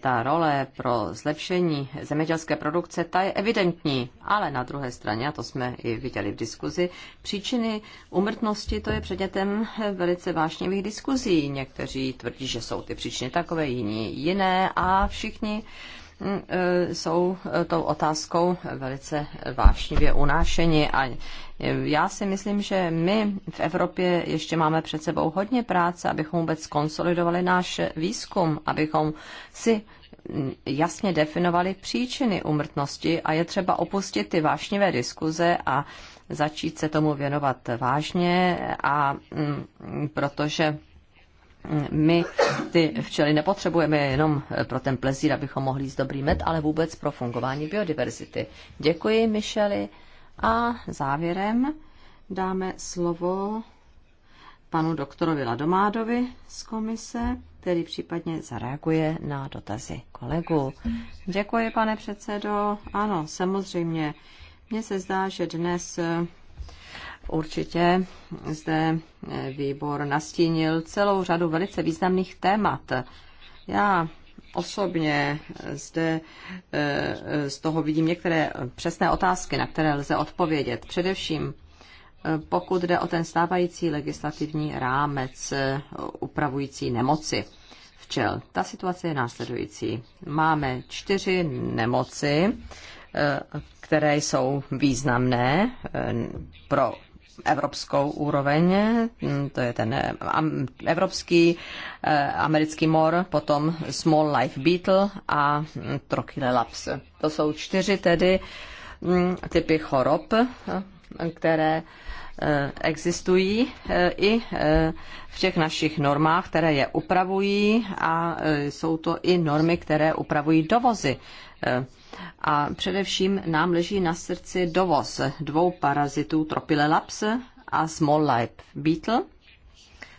ta role pro zlepšení zemědělské produkce, ta je evidentní, ale na druhé straně, a to jsme i viděli v diskuzi, příčiny umrtnosti to je předmětem velice vášnivých diskuzí. Někteří tvrdí, že jsou ty příčiny takové, jiní jiné a všichni Mm, eh, jsou eh, tou otázkou velice vášnivě unášeni a eh, já si myslím, že my v Evropě ještě máme před sebou hodně práce, abychom vůbec konsolidovali náš výzkum, abychom si mm, jasně definovali příčiny umrtnosti a je třeba opustit ty vášnivé diskuze a začít se tomu věnovat vážně a mm, protože my ty včely nepotřebujeme jenom pro ten plezír, abychom mohli jíst dobrý med, ale vůbec pro fungování biodiverzity. Děkuji, Michely. A závěrem dáme slovo panu doktorovi Ladomádovi z komise, který případně zareaguje na dotazy kolegů. Děkuji, pane předsedo. Ano, samozřejmě. Mně se zdá, že dnes Určitě zde eh, výbor nastínil celou řadu velice významných témat. Já osobně eh, zde eh, z toho vidím některé přesné otázky, na které lze odpovědět. Především pokud jde o ten stávající legislativní rámec upravující nemoci včel. Ta situace je následující. Máme čtyři nemoci, které jsou významné pro evropskou úroveň, mm, to je ten eh, evropský, eh, americký mor, potom Small Life Beetle a mm, Laps. To jsou čtyři tedy mm, typy chorob, eh, které existují i v těch našich normách, které je upravují a jsou to i normy, které upravují dovozy Eh, a především nám leží na srdci dovoz dvou parazitů Tropilelaps a Small Life Beetle,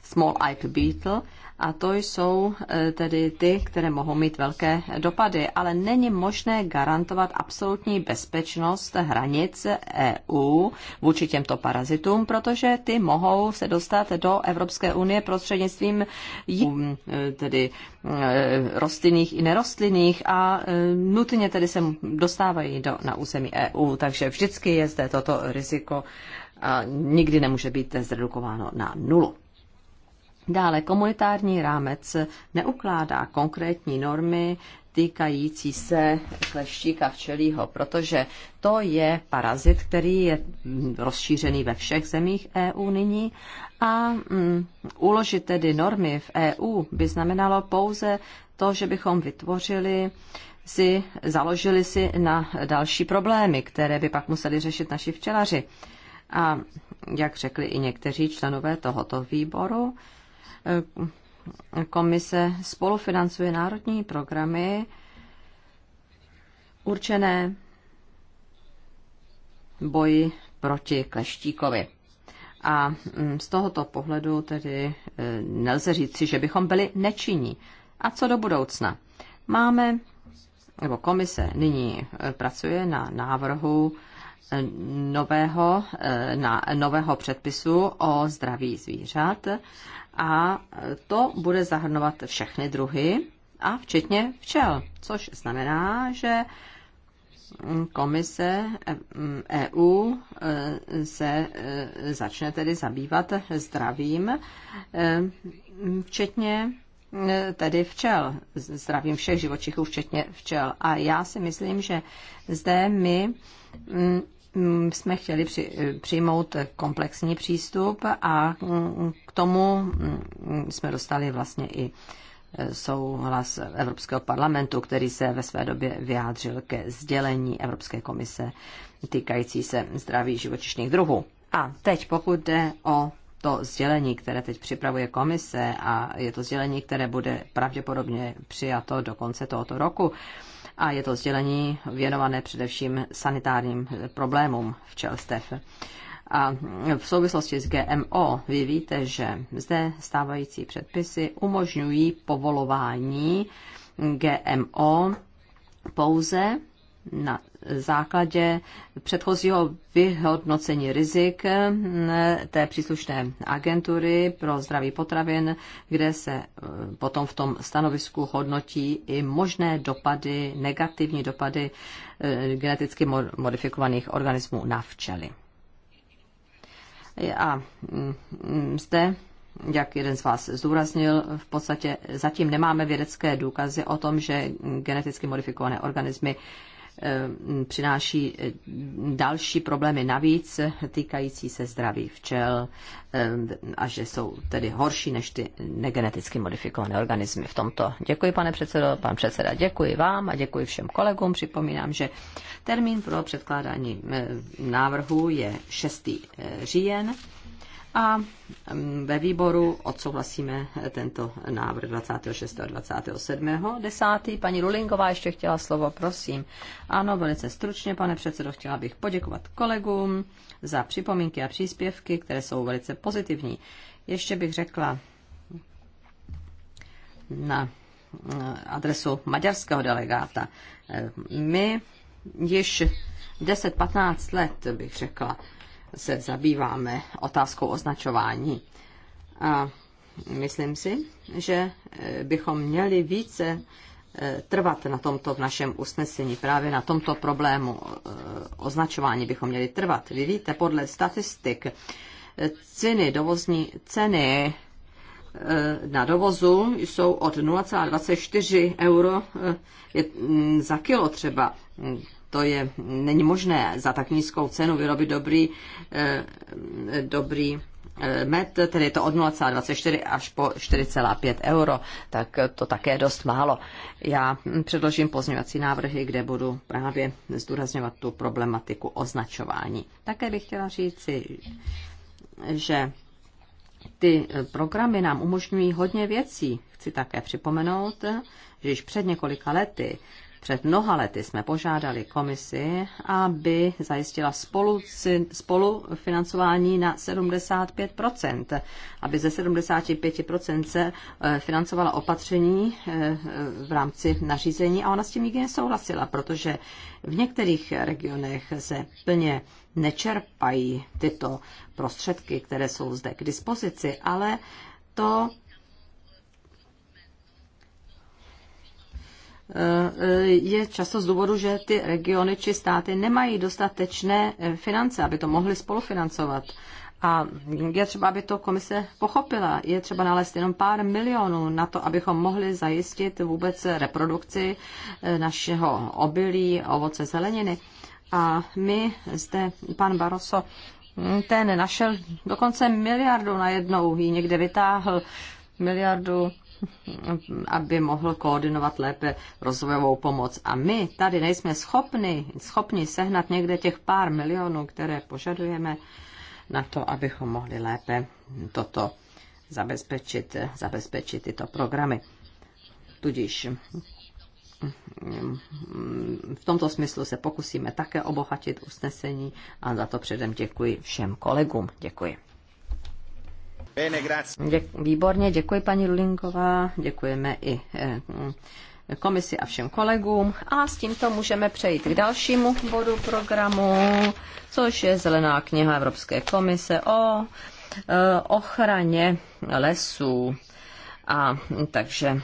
Small Eyed Beetle, a to jsou e, tedy ty, které mohou mít velké dopady, ale není možné garantovat absolutní bezpečnost hranic EU vůči těmto parazitům, protože ty mohou se dostat do Evropské unie prostřednictvím e, tedy e, rostlinných i nerostlinných a nutně tedy se dostávají do, na území EU, takže vždycky je zde toto riziko a nikdy nemůže být zredukováno na nulu. Dále komunitární rámec neukládá konkrétní normy týkající se kleštíka včelího, protože to je parazit, který je rozšířený ve všech zemích EU nyní a mm, uložit tedy normy v EU by znamenalo pouze to, že bychom vytvořili si, založili si na další problémy, které by pak museli řešit naši včelaři. A jak řekli i někteří členové tohoto výboru, Eh, komise spolufinancuje národní programy určené boji proti kleštíkovi. A mm, z tohoto pohledu tedy eh, nelze říci, že bychom byli nečinní. A co do budoucna? Máme, nebo komise nyní eh, pracuje na návrhu nového, na nového předpisu o zdraví zvířat a to bude zahrnovat všechny druhy a včetně včel, což znamená, že komise eh, eh, EU eh, se začne tedy zabývat zdravím, včetně tedy včel, zdravím všech živočichů, včetně včel. A já si myslím, že zde my mm, Mm, jsme chtěli při, přijmout komplexní přístup a mm, k tomu mm, jsme dostali vlastně i e, souhlas Evropského parlamentu, který se ve své době vyjádřil ke sdělení Evropské komise týkající se zdraví živočišných druhů. A teď, pokud jde o to sdělení, které teď připravuje komise a je to sdělení, které bude pravděpodobně přijato do konce tohoto roku, a je to sdělení věnované především sanitárním problémům Čelstev. A v souvislosti s GMO vy víte, že zde stávající předpisy umožňují povolování GMO pouze na základě předchozího vyhodnocení rizik mm, té příslušné agentury pro zdraví potravin, kde se e, potom v tom stanovisku hodnotí i možné dopady, negativní dopady e, geneticky modifikovaných organismů na včely. A mm, zde jak jeden z vás zdůraznil, v podstatě zatím nemáme vědecké důkazy o tom, že geneticky modifikované organismy Eh, přináší eh, další problémy navíc týkající se zdraví včel eh, a že jsou tedy horší než ty negeneticky modifikované organismy v tomto. Děkuji, pane předsedo, pan předseda, děkuji vám a děkuji všem kolegům. Připomínám, že termín pro předkládání návrhu je 6. říjen a ve výboru odsouhlasíme eh, tento návrh 26. a 27. 10. Paní Rulingová ještě chtěla slovo, prosím. Ano, velice stručně, pane předsedo, chtěla bych poděkovat kolegům za připomínky a příspěvky, které jsou velice pozitivní. Ještě bych řekla na eh, adresu maďarského delegáta. Eh, my již 10-15 let, bych řekla, se zabýváme otázkou označování. A myslím si, že e, bychom měli více e, trvat na tomto v našem usnesení, právě na tomto problému e, označování bychom měli trvat. Vy víte, podle statistik ceny, dovozní ceny na dovozu jsou od 0,24 euro za kilo třeba to je, není možné za tak nízkou cenu vyrobit dobrý, eh, dobrý eh, med, tedy je to od 0,24 až po 4,5 euro, tak to také je dost málo. Já předložím pozměňovací návrhy, kde budu právě zdůrazňovat tu problematiku označování. Také bych chtěla říci, že ty programy nám umožňují hodně věcí. Chci také připomenout, že již před několika lety před mnoha lety jsme požádali komisi, aby zajistila spolu, spolufinancování na 75%, aby ze 75% se eh, financovala opatření eh, v rámci nařízení a ona s tím nikdy nesouhlasila, protože v některých regionech se plně nečerpají tyto prostředky, které jsou zde k dispozici, ale to Eh, je často z důvodu, že ty regiony či státy nemají dostatečné eh, finance, aby to mohly spolufinancovat. A je třeba, aby to komise pochopila. Je třeba nalézt jenom pár milionů na to, abychom mohli zajistit vůbec reprodukci eh, našeho obilí, ovoce, zeleniny. A my zde, pan Baroso, hm, ten našel dokonce miliardu jednou, ji někde vytáhl, miliardu aby mohl koordinovat lépe rozvojovou pomoc. A my tady nejsme schopni, schopni sehnat někde těch pár milionů, které požadujeme na to, abychom mohli lépe toto zabezpečit, zabezpečit tyto programy. Tudíž v tomto smyslu se pokusíme také obohatit usnesení a za to předem děkuji všem kolegům. Děkuji výborně, děkuji paní Rulinková, děkujeme i eh, komisi a všem kolegům. A s tímto můžeme přejít k dalšímu bodu programu, což je Zelená kniha Evropské komise o eh, ochraně lesů. A takže hm,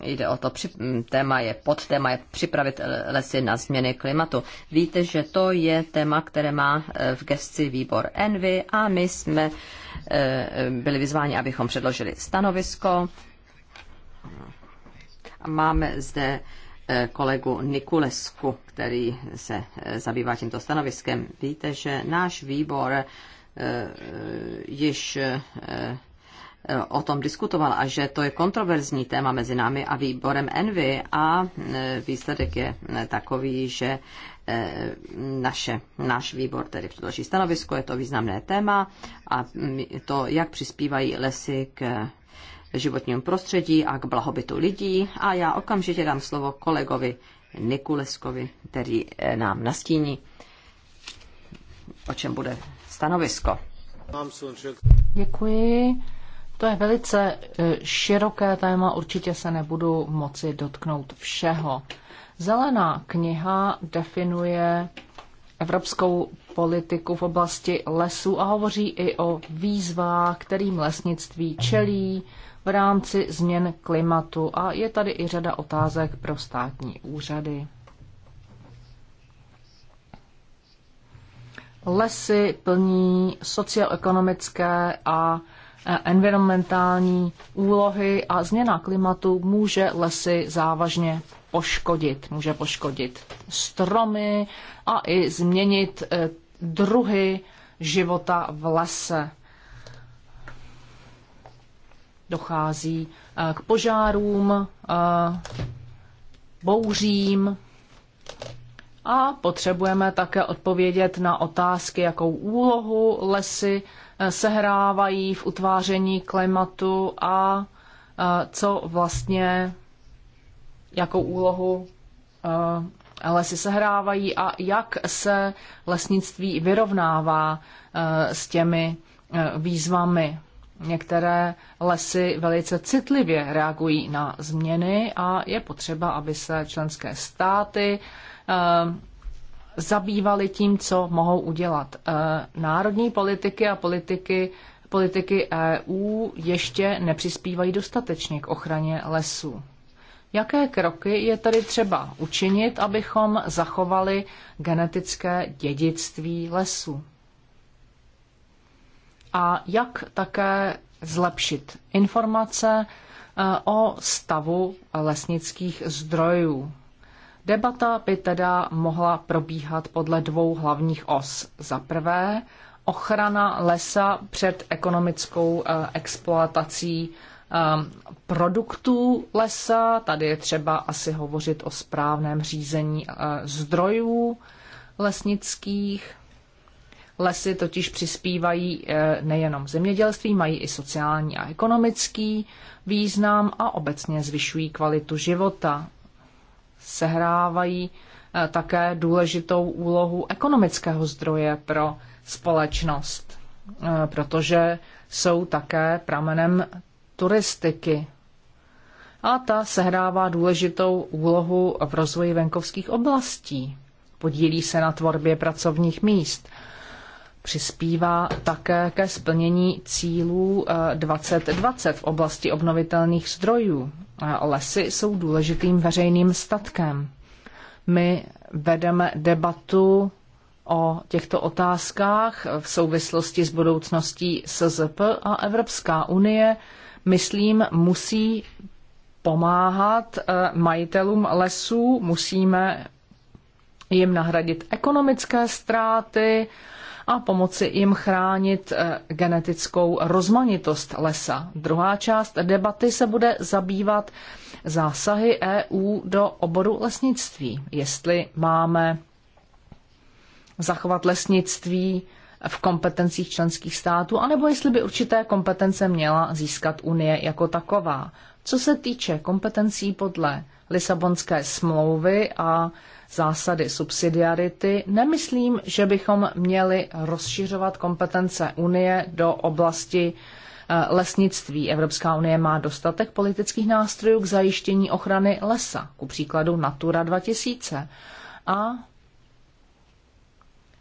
jde o to, při, hm, téma je, pod téma je připravit eh, lesy na změny klimatu. Víte, že to je téma, které má eh, v gesci výbor Envy a my jsme eh, byli vyzváni, abychom předložili stanovisko. Máme zde kolegu Nikulesku, který se zabývá tímto stanoviskem. Víte, že náš výbor již o tom diskutoval a že to je kontroverzní téma mezi námi a výborem Envy a e, výsledek je e, takový, že e, naše, náš výbor tedy předloží stanovisko, je to významné téma a to, jak přispívají lesy k životnímu prostředí a k blahobytu lidí. A já okamžitě dám slovo kolegovi Nikuleskovi, který nám nastíní, o čem bude stanovisko. Děkuji. To je velice e, široké téma, určitě se nebudu moci dotknout všeho. Zelená kniha definuje evropskou politiku v oblasti lesů a hovoří i o výzvách, kterým lesnictví čelí v rámci změn klimatu a je tady i řada otázek pro státní úřady. Lesy plní socioekonomické a environmentální úlohy a změna klimatu může lesy závažně poškodit. Může poškodit stromy a i změnit eh, druhy života v lese. Dochází eh, k požárům, eh, bouřím, a potřebujeme také odpovědět na otázky, jakou úlohu lesy sehrávají v utváření klimatu a co vlastně, jakou úlohu lesy sehrávají a jak se lesnictví vyrovnává s těmi výzvami. Některé lesy velice citlivě reagují na změny a je potřeba, aby se členské státy zabývali tím, co mohou udělat. E, národní politiky a politiky, politiky EU ještě nepřispívají dostatečně k ochraně lesů. Jaké kroky je tedy třeba učinit, abychom zachovali genetické dědictví lesů? A jak také zlepšit informace e, o stavu lesnických zdrojů? Debata by teda mohla probíhat podle dvou hlavních os. Za prvé, ochrana lesa před ekonomickou eh, exploatací ehm, produktů lesa. Tady je třeba asi hovořit o správném řízení eh, zdrojů lesnických. Lesy totiž přispívají eh, nejenom zemědělství, mají i sociální a ekonomický význam a obecně zvyšují kvalitu života sehrávají eh, také důležitou úlohu ekonomického zdroje pro společnost, eh, protože jsou také pramenem turistiky. A ta sehrává důležitou úlohu v rozvoji venkovských oblastí. Podílí se na tvorbě pracovních míst přispívá také ke splnění cílů 2020 eh, v oblasti obnovitelných zdrojů. Eh, lesy jsou důležitým veřejným statkem. My vedeme debatu o těchto otázkách v souvislosti s budoucností SZP a Evropská unie, myslím, musí pomáhat eh, majitelům lesů, musíme jim nahradit ekonomické ztráty, a pomoci jim chránit eh, genetickou rozmanitost lesa. Druhá část debaty se bude zabývat zásahy EU do oboru lesnictví. Jestli máme zachovat lesnictví v kompetencích členských států, anebo jestli by určité kompetence měla získat Unie jako taková. Co se týče kompetencí podle Lisabonské smlouvy a zásady subsidiarity, nemyslím, že bychom měli rozšiřovat kompetence Unie do oblasti eh, lesnictví. Evropská unie má dostatek politických nástrojů k zajištění ochrany lesa, ku příkladu Natura 2000. A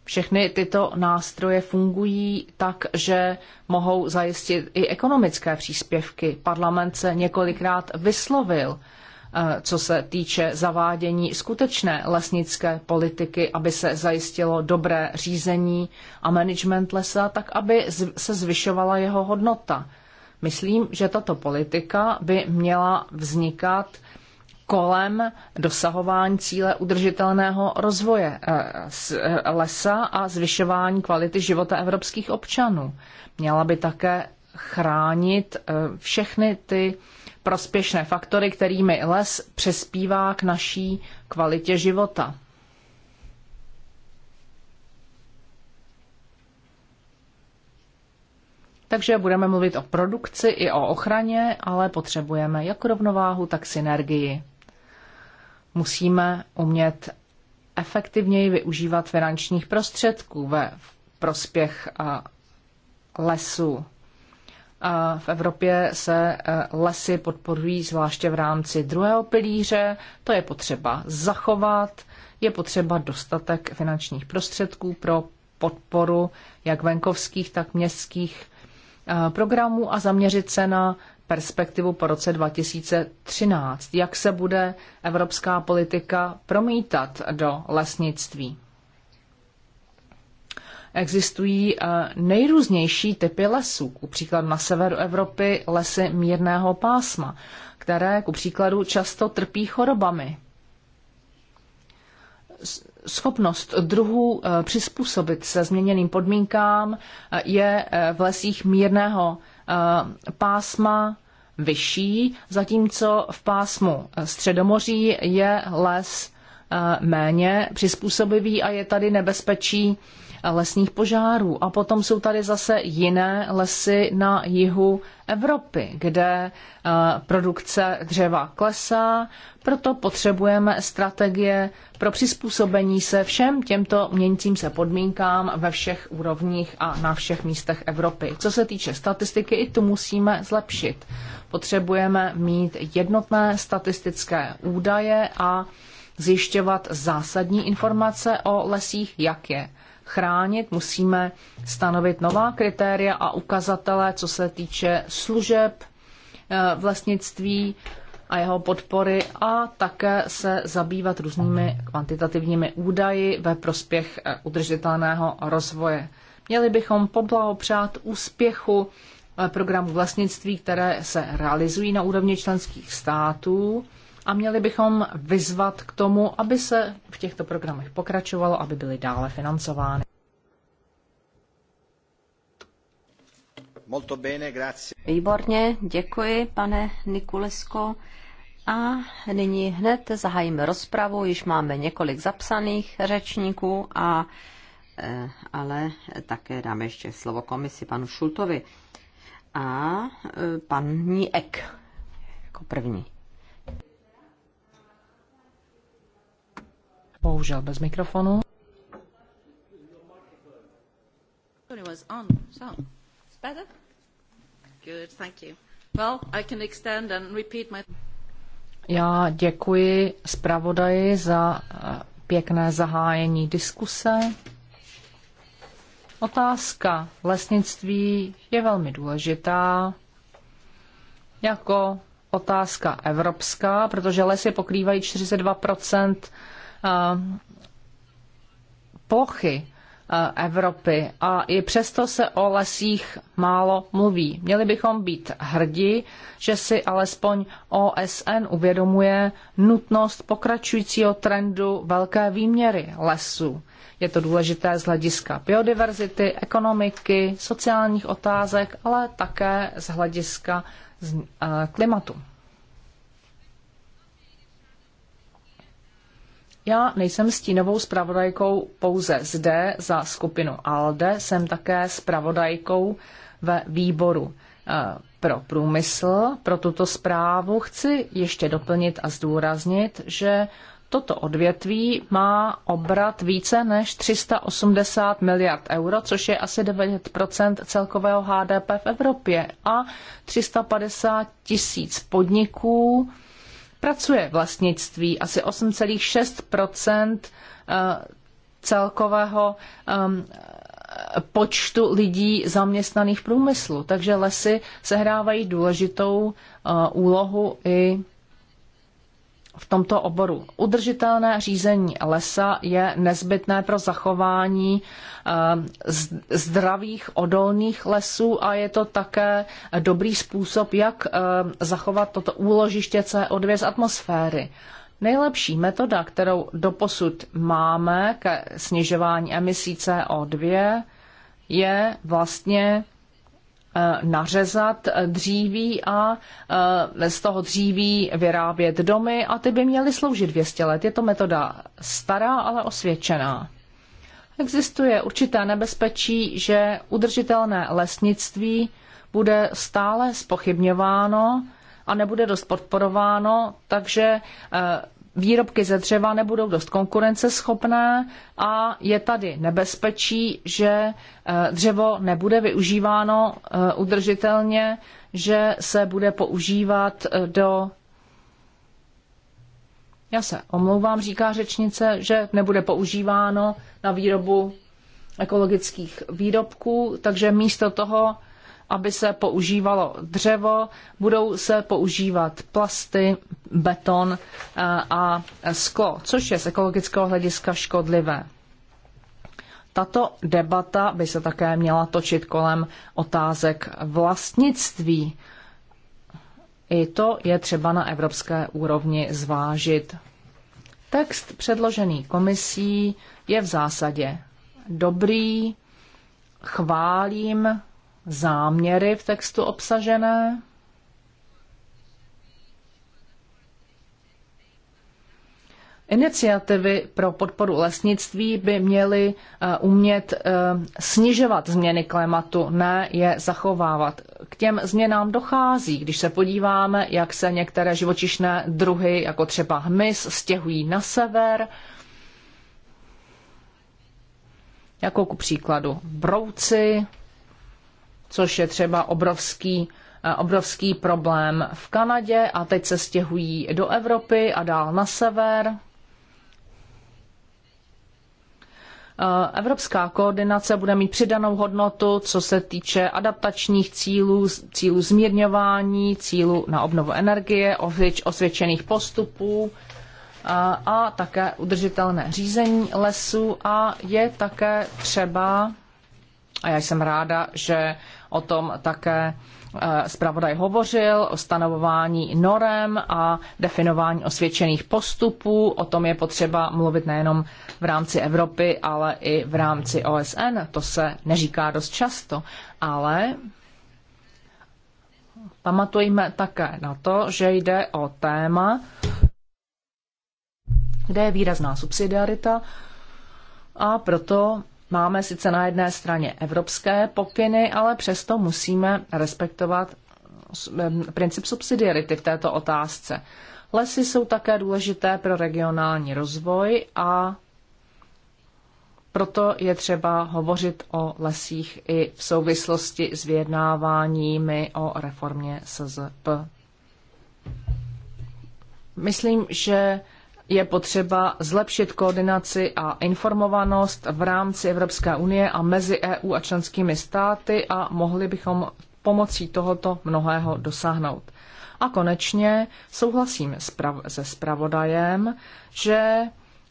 všechny tyto nástroje fungují tak, že mohou zajistit i ekonomické příspěvky. Parlament se několikrát vyslovil Eh, co se týče zavádění skutečné lesnické politiky, aby se zajistilo dobré řízení a management lesa, tak aby se zvyšovala jeho hodnota. Myslím, že tato politika by měla vznikat kolem dosahování cíle udržitelného rozvoje eh, eh, lesa a zvyšování kvality života evropských občanů. Měla by také chránit všechny ty prospěšné faktory, kterými les přespívá k naší kvalitě života. Takže budeme mluvit o produkci i o ochraně, ale potřebujeme jak rovnováhu, tak synergii. Musíme umět efektivněji využívat finančních prostředků ve prospěch lesu v Evropě se e, lesy podporují zvláště v rámci druhého pilíře. To je potřeba zachovat, je potřeba dostatek finančních prostředků pro podporu jak venkovských, tak městských e, programů a zaměřit se na perspektivu po roce 2013, jak se bude evropská politika promítat do lesnictví existují eh, nejrůznější typy lesů. Ku příkladu na severu Evropy lesy mírného pásma, které ku příkladu často trpí chorobami. Schopnost druhů eh, přizpůsobit se změněným podmínkám eh, je v lesích mírného pásma vyšší, zatímco v pásmu Středomoří je les méně přizpůsobivý a je tady nebezpečí lesních požárů. A potom jsou tady zase jiné lesy na jihu Evropy, kde eh, produkce dřeva klesá, proto potřebujeme strategie pro přizpůsobení se všem těmto měnícím se podmínkám ve všech úrovních a na všech místech Evropy. Co se týče statistiky, i tu musíme zlepšit. Potřebujeme mít jednotné statistické údaje a zjišťovat zásadní informace o lesích, jak je chránit, musíme stanovit nová kritéria a ukazatele, co se týče služeb, eh, vlastnictví a jeho podpory a také se zabývat různými kvantitativními údaji ve prospěch eh, udržitelného rozvoje. Měli bychom poblahopřát úspěchu eh, programů vlastnictví, které se realizují na úrovni členských států a měli bychom vyzvat k tomu, aby se v těchto programech pokračovalo, aby byly dále financovány. Výborně, děkuji, pane Nikulesko. A nyní hned zahájíme rozpravu, již máme několik zapsaných řečníků, a, e, ale také dáme ještě slovo komisi panu Šultovi. A e, paní Ek jako první. bohužel bez mikrofonu. Já děkuji zpravodaji za eh, pěkné zahájení diskuse. Otázka lesnictví je velmi důležitá jako otázka evropská, protože lesy pokrývají 42 plochy Evropy a i přesto se o lesích málo mluví. Měli bychom být hrdí, že si alespoň OSN uvědomuje nutnost pokračujícího trendu velké výměry lesů. Je to důležité z hlediska biodiverzity, ekonomiky, sociálních otázek, ale také z hlediska klimatu. Já nejsem stínovou zpravodajkou pouze zde za skupinu ALDE, jsem také zpravodajkou ve výboru eh, pro průmysl. Pro tuto zprávu chci ještě doplnit a zdůraznit, že toto odvětví má obrat více než 380 miliard euro, což je asi 9 celkového HDP v Evropě a 350 tisíc podniků zpracuje vlastnictví asi 8,6 eh, celkového ehm, počtu lidí zaměstnaných v průmyslu. Takže lesy sehrávají důležitou eh, úlohu i v tomto oboru. Udržitelné řízení lesa je nezbytné pro zachování eh, zdravých odolných lesů a je to také dobrý způsob, jak eh, zachovat toto úložiště CO2 z atmosféry. Nejlepší metoda, kterou doposud máme ke snižování emisí CO2, je vlastně Eh, nařezat dříví a eh, z toho dříví vyrábět domy a ty by měly sloužit 200 let. Je to metoda stará, ale osvědčená. Existuje určité nebezpečí, že udržitelné lesnictví bude stále spochybňováno a nebude dost podporováno, takže eh, výrobky ze dřeva nebudou dost konkurenceschopné a je tady nebezpečí, že eh, dřevo nebude využíváno eh, udržitelně, že se bude používat eh, do. Já se omlouvám, říká řečnice, že nebude používáno na výrobu ekologických výrobků, takže místo toho aby se používalo dřevo, budou se používat plasty, beton eh, a sklo, což je z ekologického hlediska škodlivé. Tato debata by se také měla točit kolem otázek vlastnictví. I to je třeba na evropské úrovni zvážit. Text předložený komisí je v zásadě dobrý, chválím záměry v textu obsažené. Iniciativy pro podporu lesnictví by měly eh, umět eh, snižovat změny klimatu, ne je zachovávat. K těm změnám dochází, když se podíváme, jak se některé živočišné druhy, jako třeba hmyz, stěhují na sever, jako ku příkladu brouci, což je třeba obrovský, eh, obrovský problém v Kanadě a teď se stěhují do Evropy a dál na sever. Eh, evropská koordinace bude mít přidanou hodnotu, co se týče adaptačních cílů, cílů zmírňování, cílů na obnovu energie, osvědčených postupů a, eh, a také udržitelné řízení lesů a je také třeba, a já jsem ráda, že o tom také eh, zpravodaj hovořil, o stanovování norem a definování osvědčených postupů. O tom je potřeba mluvit nejenom v rámci Evropy, ale i v rámci OSN. To se neříká dost často, ale pamatujme také na to, že jde o téma, kde je výrazná subsidiarita a proto Máme sice na jedné straně evropské pokyny, ale přesto musíme respektovat eh, princip subsidiarity v této otázce. Lesy jsou také důležité pro regionální rozvoj a proto je třeba hovořit o lesích i v souvislosti s vyjednáváními o reformě SZP. Myslím, že je potřeba zlepšit koordinaci a informovanost v rámci Evropské unie a mezi EU a členskými státy a mohli bychom pomocí tohoto mnohého dosáhnout. A konečně souhlasím se spravodajem, že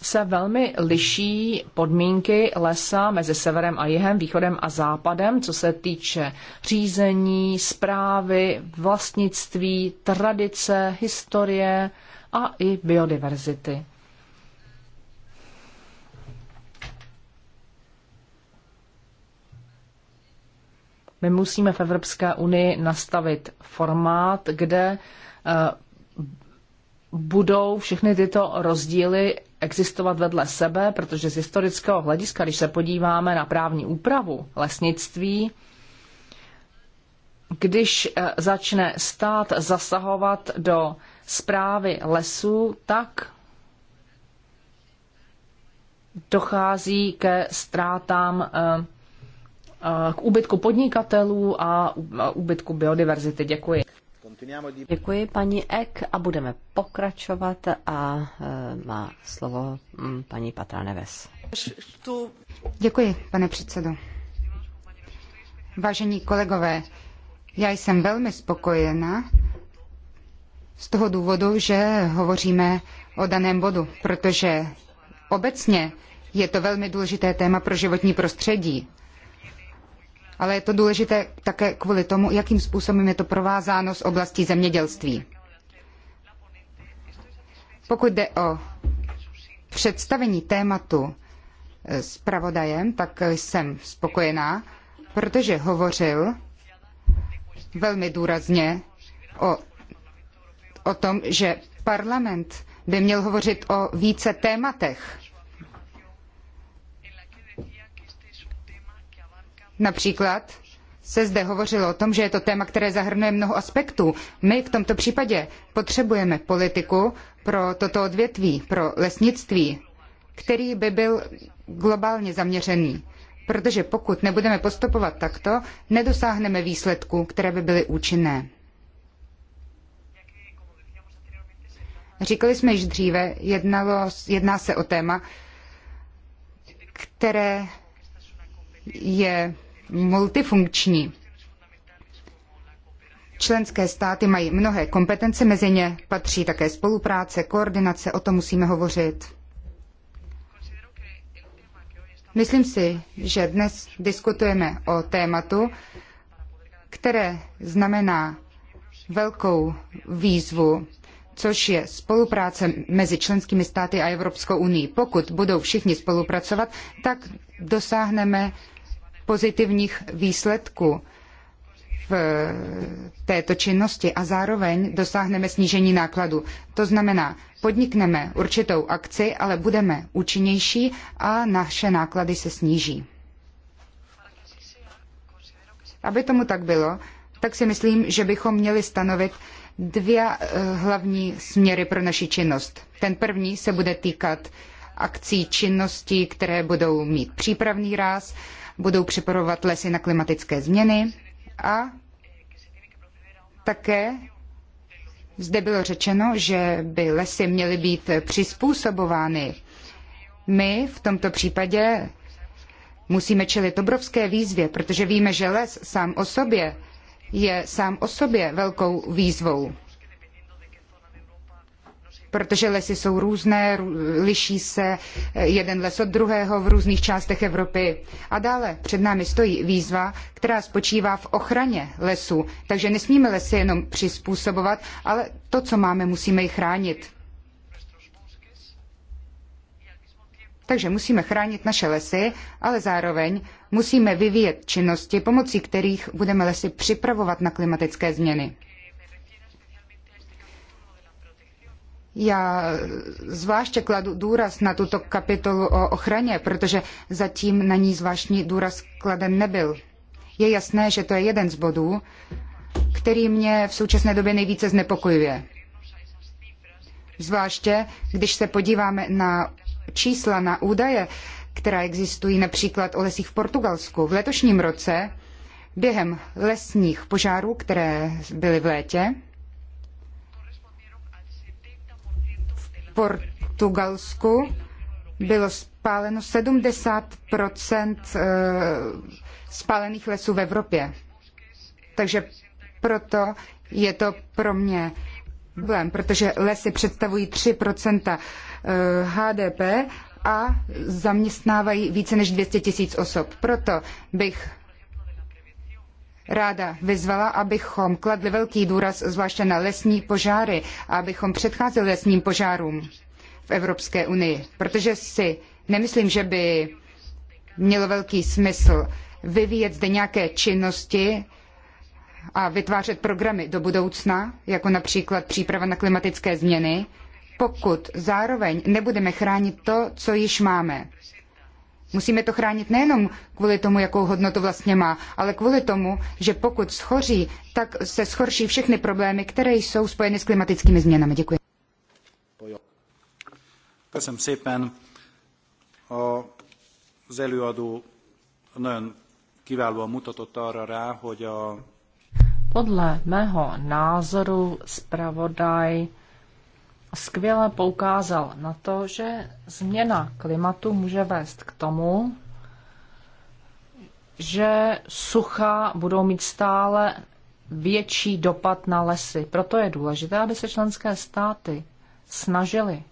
se velmi liší podmínky lesa mezi severem a jihem, východem a západem, co se týče řízení, zprávy, vlastnictví, tradice, historie, a i biodiverzity. My musíme v Evropské unii nastavit formát, kde eh, budou všechny tyto rozdíly existovat vedle sebe, protože z historického hlediska, když se podíváme na právní úpravu lesnictví, když eh, začne stát zasahovat do zprávy lesů, tak dochází ke ztrátám, eh, eh, k úbytku podnikatelů a úbytku biodiverzity. Děkuji. Děkuji paní Ek a budeme pokračovat a eh, má slovo mm, paní Patra Neves. Děkuji, pane předsedo. Vážení kolegové, já jsem velmi spokojena z toho důvodu, že hovoříme o daném bodu, protože obecně je to velmi důležité téma pro životní prostředí. Ale je to důležité také kvůli tomu, jakým způsobem je to provázáno s oblastí zemědělství. Pokud jde o představení tématu s pravodajem, tak jsem spokojená, protože hovořil velmi důrazně o o tom, že parlament by měl hovořit o více tématech. Například se zde hovořilo o tom, že je to téma, které zahrnuje mnoho aspektů. My v tomto případě potřebujeme politiku pro toto odvětví, pro lesnictví, který by byl globálně zaměřený. Protože pokud nebudeme postupovat takto, nedosáhneme výsledků, které by byly účinné. Říkali jsme již dříve, jednalo, jedná se o téma, které je multifunkční. Členské státy mají mnohé kompetence, mezi ně patří také spolupráce, koordinace, o tom musíme hovořit. Myslím si, že dnes diskutujeme o tématu, které znamená velkou výzvu což je spolupráce mezi členskými státy a Evropskou unii. Pokud budou všichni spolupracovat, tak dosáhneme pozitivních výsledků v této činnosti a zároveň dosáhneme snížení nákladů. To znamená, podnikneme určitou akci, ale budeme účinnější a naše náklady se sníží. Aby tomu tak bylo, tak si myslím, že bychom měli stanovit dvě eh, hlavní směry pro naši činnost. Ten první se bude týkat akcí činností, které budou mít přípravný ráz, budou připravovat lesy na klimatické změny a také zde bylo řečeno, že by lesy měly být přizpůsobovány. My v tomto případě musíme čelit obrovské výzvě, protože víme, že les sám o sobě je sám o sobě velkou výzvou protože lesy jsou různé, liší se eh, jeden les od druhého v různých částech Evropy. A dále před námi stojí výzva, která spočívá v ochraně lesů. Takže nesmíme lesy jenom přizpůsobovat, ale to, co máme, musíme i chránit. Takže musíme chránit naše lesy, ale zároveň musíme vyvíjet činnosti, pomocí kterých budeme lesy připravovat na klimatické změny. Já zvláště kladu důraz na tuto kapitolu o ochraně, protože zatím na ní zvláštní důraz kladen nebyl. Je jasné, že to je jeden z bodů, který mě v současné době nejvíce znepokojuje. Zvláště, když se podíváme na čísla, na údaje, která existují například o lesích v Portugalsku. V letošním roce během lesních požárů, které byly v létě, v Portugalsku bylo spáleno 70 eh, spálených lesů v Evropě. Takže proto je to pro mě problém, protože lesy představují 3 HDP eh, a zaměstnávají více než 200 tisíc osob. Proto bych ráda vyzvala, abychom kladli velký důraz zvláště na lesní požáry a abychom předcházeli lesním požárům v Evropské unii, protože si nemyslím, že by mělo velký smysl vyvíjet zde nějaké činnosti a vytvářet programy do budoucna, jako například příprava na klimatické změny, pokud zároveň nebudeme chránit to, co již máme. Musíme to chránit nejenom kvůli tomu, jakou hodnotu vlastně má, ale kvůli tomu, že pokud schoří, tak se schorší všechny problémy, které jsou spojeny s klimatickými změnami. Děkuji. Köszönöm szépen. Az előadó nagyon kiválóan mutatott arra rá, hogy a... Podle mého názoru zpravodaj skvěle poukázal na to, že změna klimatu může vést k tomu, že sucha budou mít stále větší dopad na lesy. Proto je důležité, aby se členské státy snažily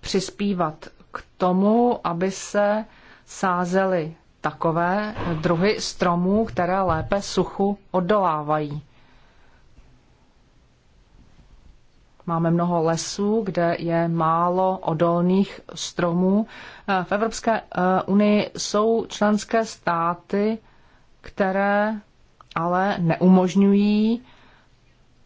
přispívat k tomu, aby se sázely takové druhy stromů, které lépe suchu odolávají. Máme mnoho lesů, kde je málo odolných stromů. V Evropské eh, unii jsou členské státy, které ale neumožňují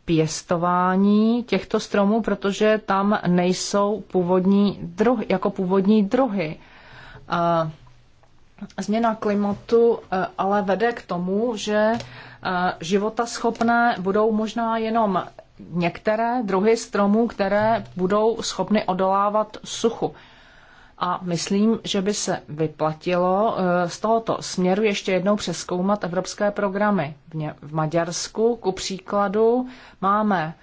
pěstování těchto stromů, protože tam nejsou původní druhy, jako původní druhy. Eh, změna klimatu eh, ale vede k tomu, že života schopné budou možná jenom některé druhy stromů, které budou schopny odolávat suchu. A myslím, že by se vyplatilo eh, z tohoto směru ještě jednou přeskoumat evropské programy. V Maďarsku, ku příkladu, máme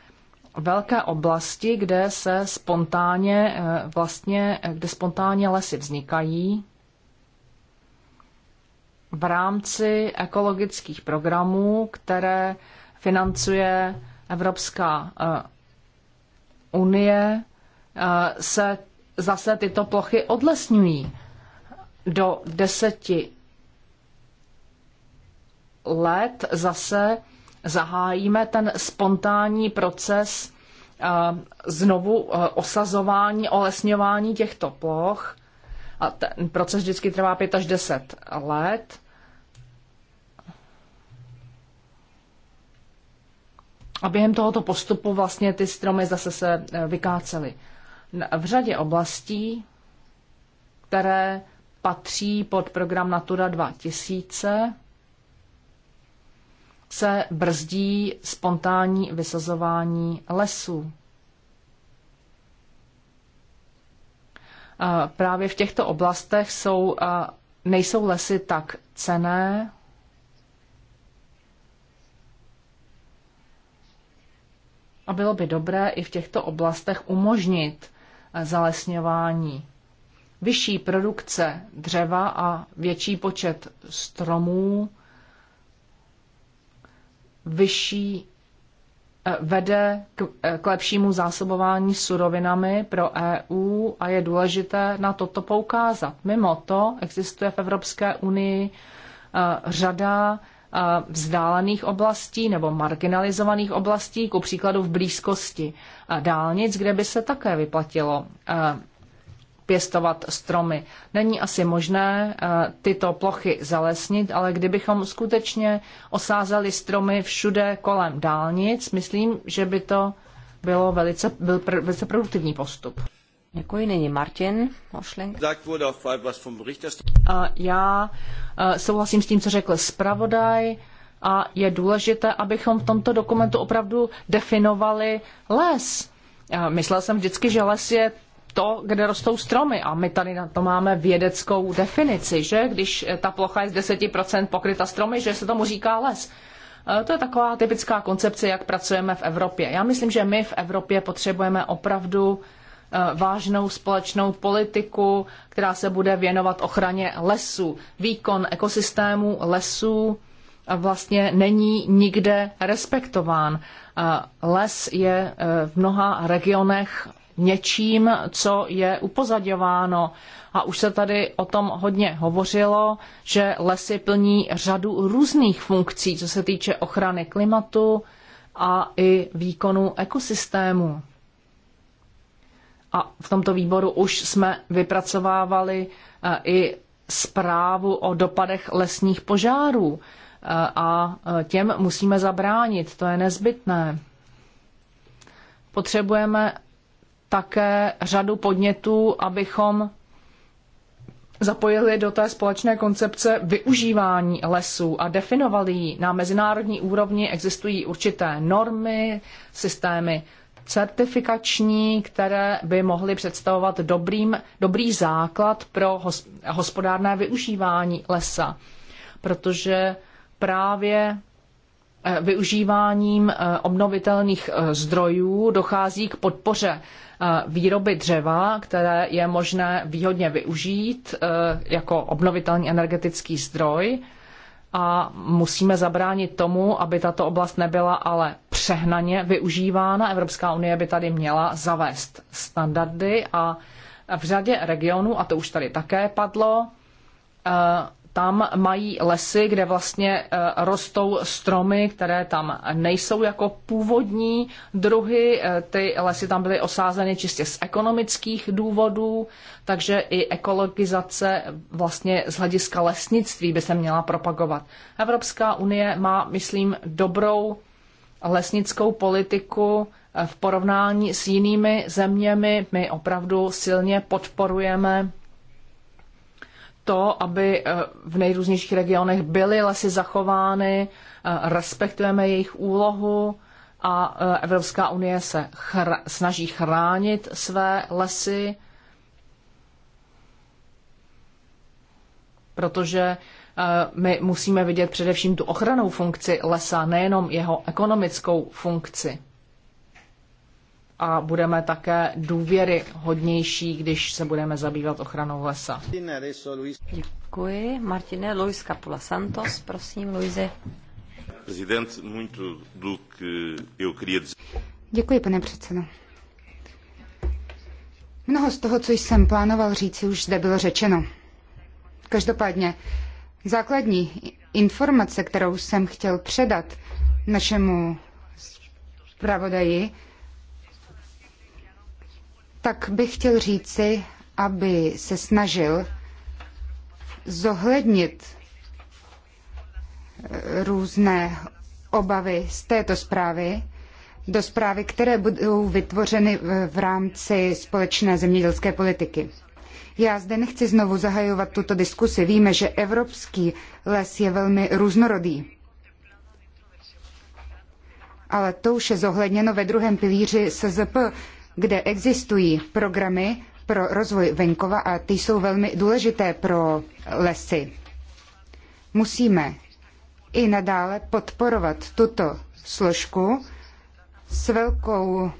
velké oblasti, kde se spontánně, eh, vlastně, eh, kde spontánně lesy vznikají v rámci ekologických programů, které financuje Evropská eh, unie eh, se zase tyto plochy odlesňují do deseti let zase zahájíme ten spontánní proces eh, znovu osazování, olesňování těchto ploch. A ten proces vždycky trvá 5 až 10 let. A během tohoto postupu vlastně ty stromy zase se eh, vykácely. V řadě oblastí, které patří pod program Natura 2000, se brzdí spontánní vysazování lesů. Eh, právě v těchto oblastech jsou, eh, nejsou lesy tak cené, A bylo by dobré i v těchto oblastech umožnit eh, zalesňování. Vyšší produkce dřeva a větší počet stromů vyšší eh, vede k, eh, k lepšímu zásobování surovinami pro EU a je důležité na toto poukázat. Mimo to existuje v Evropské unii řada vzdálených oblastí nebo marginalizovaných oblastí, ku příkladu v blízkosti dálnic, kde by se také vyplatilo e, pěstovat stromy. Není asi možné e, tyto plochy zalesnit, ale kdybychom skutečně osázeli stromy všude kolem dálnic, myslím, že by to bylo velice, byl pr- velice produktivní postup. Děkuji, nyní Martin Mošling. Já e, souhlasím s tím, co řekl zpravodaj a je důležité, abychom v tomto dokumentu opravdu definovali les. E, myslel jsem vždycky, že les je to, kde rostou stromy. A my tady na to máme vědeckou definici, že když ta plocha je z 10% pokryta stromy, že se tomu říká les. E, to je taková typická koncepce, jak pracujeme v Evropě. Já myslím, že my v Evropě potřebujeme opravdu Eh, vážnou společnou politiku, která se bude věnovat ochraně lesů. Výkon ekosystému lesů vlastně není nikde respektován. Eh, les je eh, v mnoha regionech něčím, co je upozadováno. A už se tady o tom hodně hovořilo, že lesy plní řadu různých funkcí, co se týče ochrany klimatu a i výkonu ekosystému a v tomto výboru už jsme vypracovávali e, i zprávu o dopadech lesních požárů e, a e, těm musíme zabránit, to je nezbytné. Potřebujeme také řadu podnětů, abychom zapojili do té společné koncepce využívání lesů a definovali ji. Na mezinárodní úrovni existují určité normy, systémy certifikační, které by mohly představovat dobrým, dobrý základ pro hospodárné využívání lesa, protože právě eh, využíváním eh, obnovitelných eh, zdrojů dochází k podpoře výroby dřeva, které je možné výhodně využít jako obnovitelný energetický zdroj a musíme zabránit tomu, aby tato oblast nebyla ale přehnaně využívána. Evropská unie by tady měla zavést standardy a v řadě regionů, a to už tady také padlo, eh, tam mají lesy, kde vlastně eh, rostou stromy, které tam nejsou jako původní druhy. Eh, ty lesy tam byly osázeny čistě z ekonomických důvodů, takže i ekologizace vlastně z hlediska lesnictví by se měla propagovat. Evropská unie má, myslím, dobrou lesnickou politiku v porovnání s jinými zeměmi. My opravdu silně podporujeme to, aby eh, v nejrůznějších regionech byly lesy zachovány, eh, respektujeme jejich úlohu a eh, Evropská unie se chr- snaží chránit své lesy, protože Eh, my musíme vidět především tu ochranou funkci lesa, nejenom jeho ekonomickou funkci. A budeme také důvěry hodnější, když se budeme zabývat ochranou lesa. Děkuji. Martine, Luis Capula Santos, prosím, Luise. Děkuji, pane předsedo. Mnoho z toho, co jsem plánoval říci, už zde bylo řečeno. Každopádně Základní informace, kterou jsem chtěl předat našemu zpravodaji, tak bych chtěl říci, aby se snažil zohlednit eh, různé obavy z této zprávy do zprávy, které budou vytvořeny v rámci společné zemědělské politiky. Já zde nechci znovu zahajovat tuto diskusi. Víme, že evropský les je velmi různorodý. Ale to už je zohledněno ve druhém pilíři SZP, kde existují programy pro rozvoj venkova a ty jsou velmi důležité pro lesy. Musíme i nadále podporovat tuto složku s velkou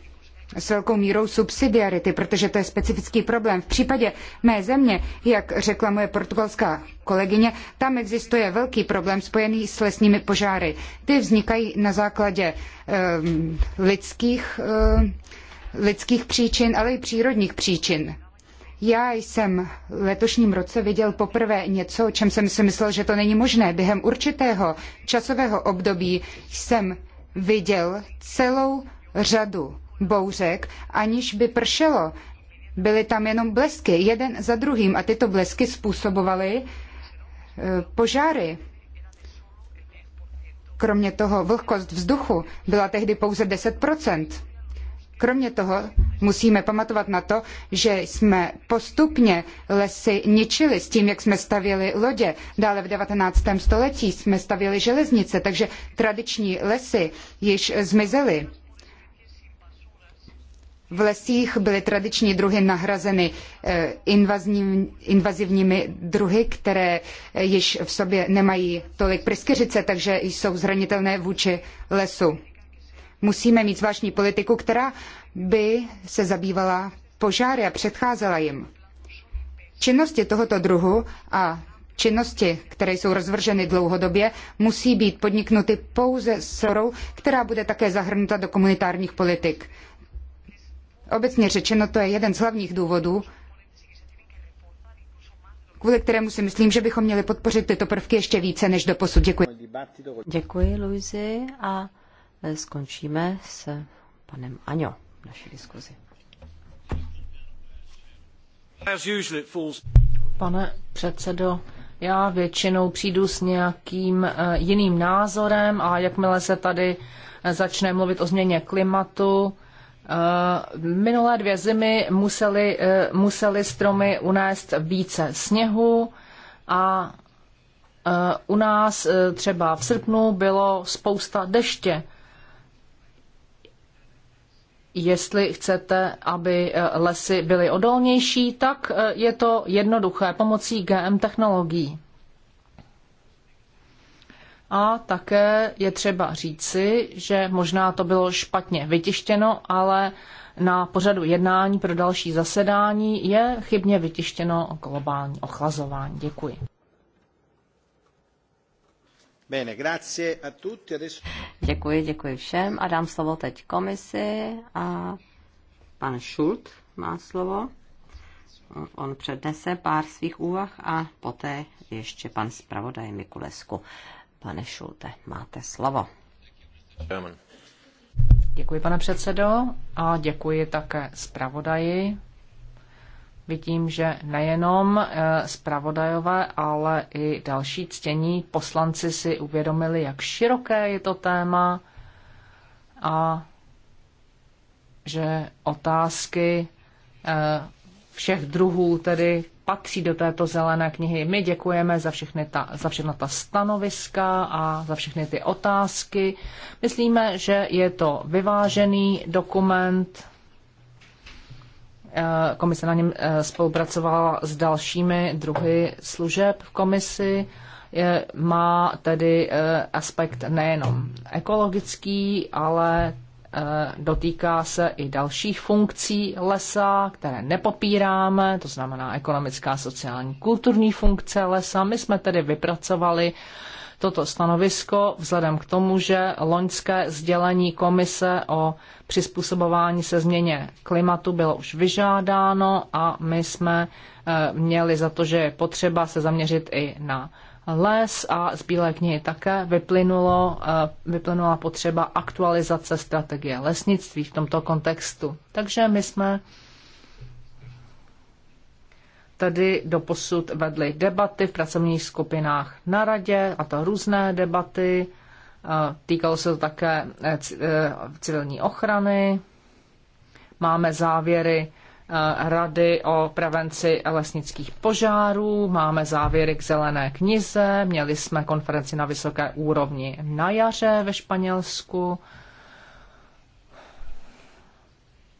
s velkou mírou subsidiarity, protože to je specifický problém. V případě mé země, jak řekla moje portugalská kolegyně, tam existuje velký problém spojený s lesními požáry. Ty vznikají na základě um, lidských, um, lidských příčin, ale i přírodních příčin. Já jsem v letošním roce viděl poprvé něco, o čem jsem si myslel, že to není možné. Během určitého časového období jsem viděl celou řadu bouřek, aniž by pršelo. Byly tam jenom blesky, jeden za druhým, a tyto blesky způsobovaly e, požáry. Kromě toho vlhkost vzduchu byla tehdy pouze 10 Kromě toho musíme pamatovat na to, že jsme postupně lesy ničili s tím, jak jsme stavěli lodě. Dále v 19. století jsme stavěli železnice, takže tradiční lesy již zmizely v lesích byly tradiční druhy nahrazeny eh, invazivními druhy, které eh, již v sobě nemají tolik pryskyřice, takže jsou zranitelné vůči lesu. Musíme mít zvláštní politiku, která by se zabývala požáry a předcházela jim. Činnosti tohoto druhu a činnosti, které jsou rozvrženy dlouhodobě, musí být podniknuty pouze sorou, která bude také zahrnuta do komunitárních politik. Obecně řečeno, to je jeden z hlavních důvodů, kvůli kterému si myslím, že bychom měli podpořit tyto prvky ještě více než do posud. Děkuji. Děkuji, Luizi, a e, skončíme s panem Aňo naší diskuzi. Pane předsedo, já většinou přijdu s nějakým e, jiným názorem a jakmile se tady e, začne mluvit o změně klimatu, Eh, minulé dvě zimy museli, eh, museli stromy unést více sněhu a eh, u nás třeba v srpnu bylo spousta deště. Jestli chcete, aby lesy byly odolnější, tak je to jednoduché pomocí GM technologií. A také je třeba říci, že možná to bylo špatně vytištěno, ale na pořadu jednání pro další zasedání je chybně vytištěno globální ochlazování. Děkuji. Děkuji, děkuji všem a dám slovo teď komisi a pan Šult má slovo. On přednese pár svých úvah a poté ještě pan zpravodaj Mikulesku. Pane Šulte, máte slovo. Děkuji, pane předsedo, a děkuji také zpravodaji. Vidím, že nejenom eh, zpravodajové, ale i další ctění poslanci si uvědomili, jak široké je to téma a že otázky eh, všech druhů tedy patří do této zelené knihy. My děkujeme za, všechny ta, za všechna ta stanoviska a za všechny ty otázky. Myslíme, že je to vyvážený dokument. Eh, komise na něm eh, spolupracovala s dalšími druhy služeb v komisi. Má tedy eh, aspekt nejenom ekologický, ale Eh, dotýká se i dalších funkcí lesa, které nepopíráme, to znamená ekonomická, sociální, kulturní funkce lesa. My jsme tedy vypracovali toto stanovisko vzhledem k tomu, že loňské sdělení komise o přizpůsobování se změně klimatu bylo už vyžádáno a my jsme eh, měli za to, že je potřeba se zaměřit i na les a z Bílé knihy také vyplynulo, eh, vyplynula potřeba aktualizace strategie lesnictví v tomto kontextu. Takže my jsme tady doposud vedli debaty v pracovních skupinách na radě, a to různé debaty. Eh, týkalo se to také eh, civilní ochrany. Máme závěry Eh, rady o prevenci lesnických požárů, máme závěry k zelené knize, měli jsme konferenci na vysoké úrovni na jaře ve Španělsku.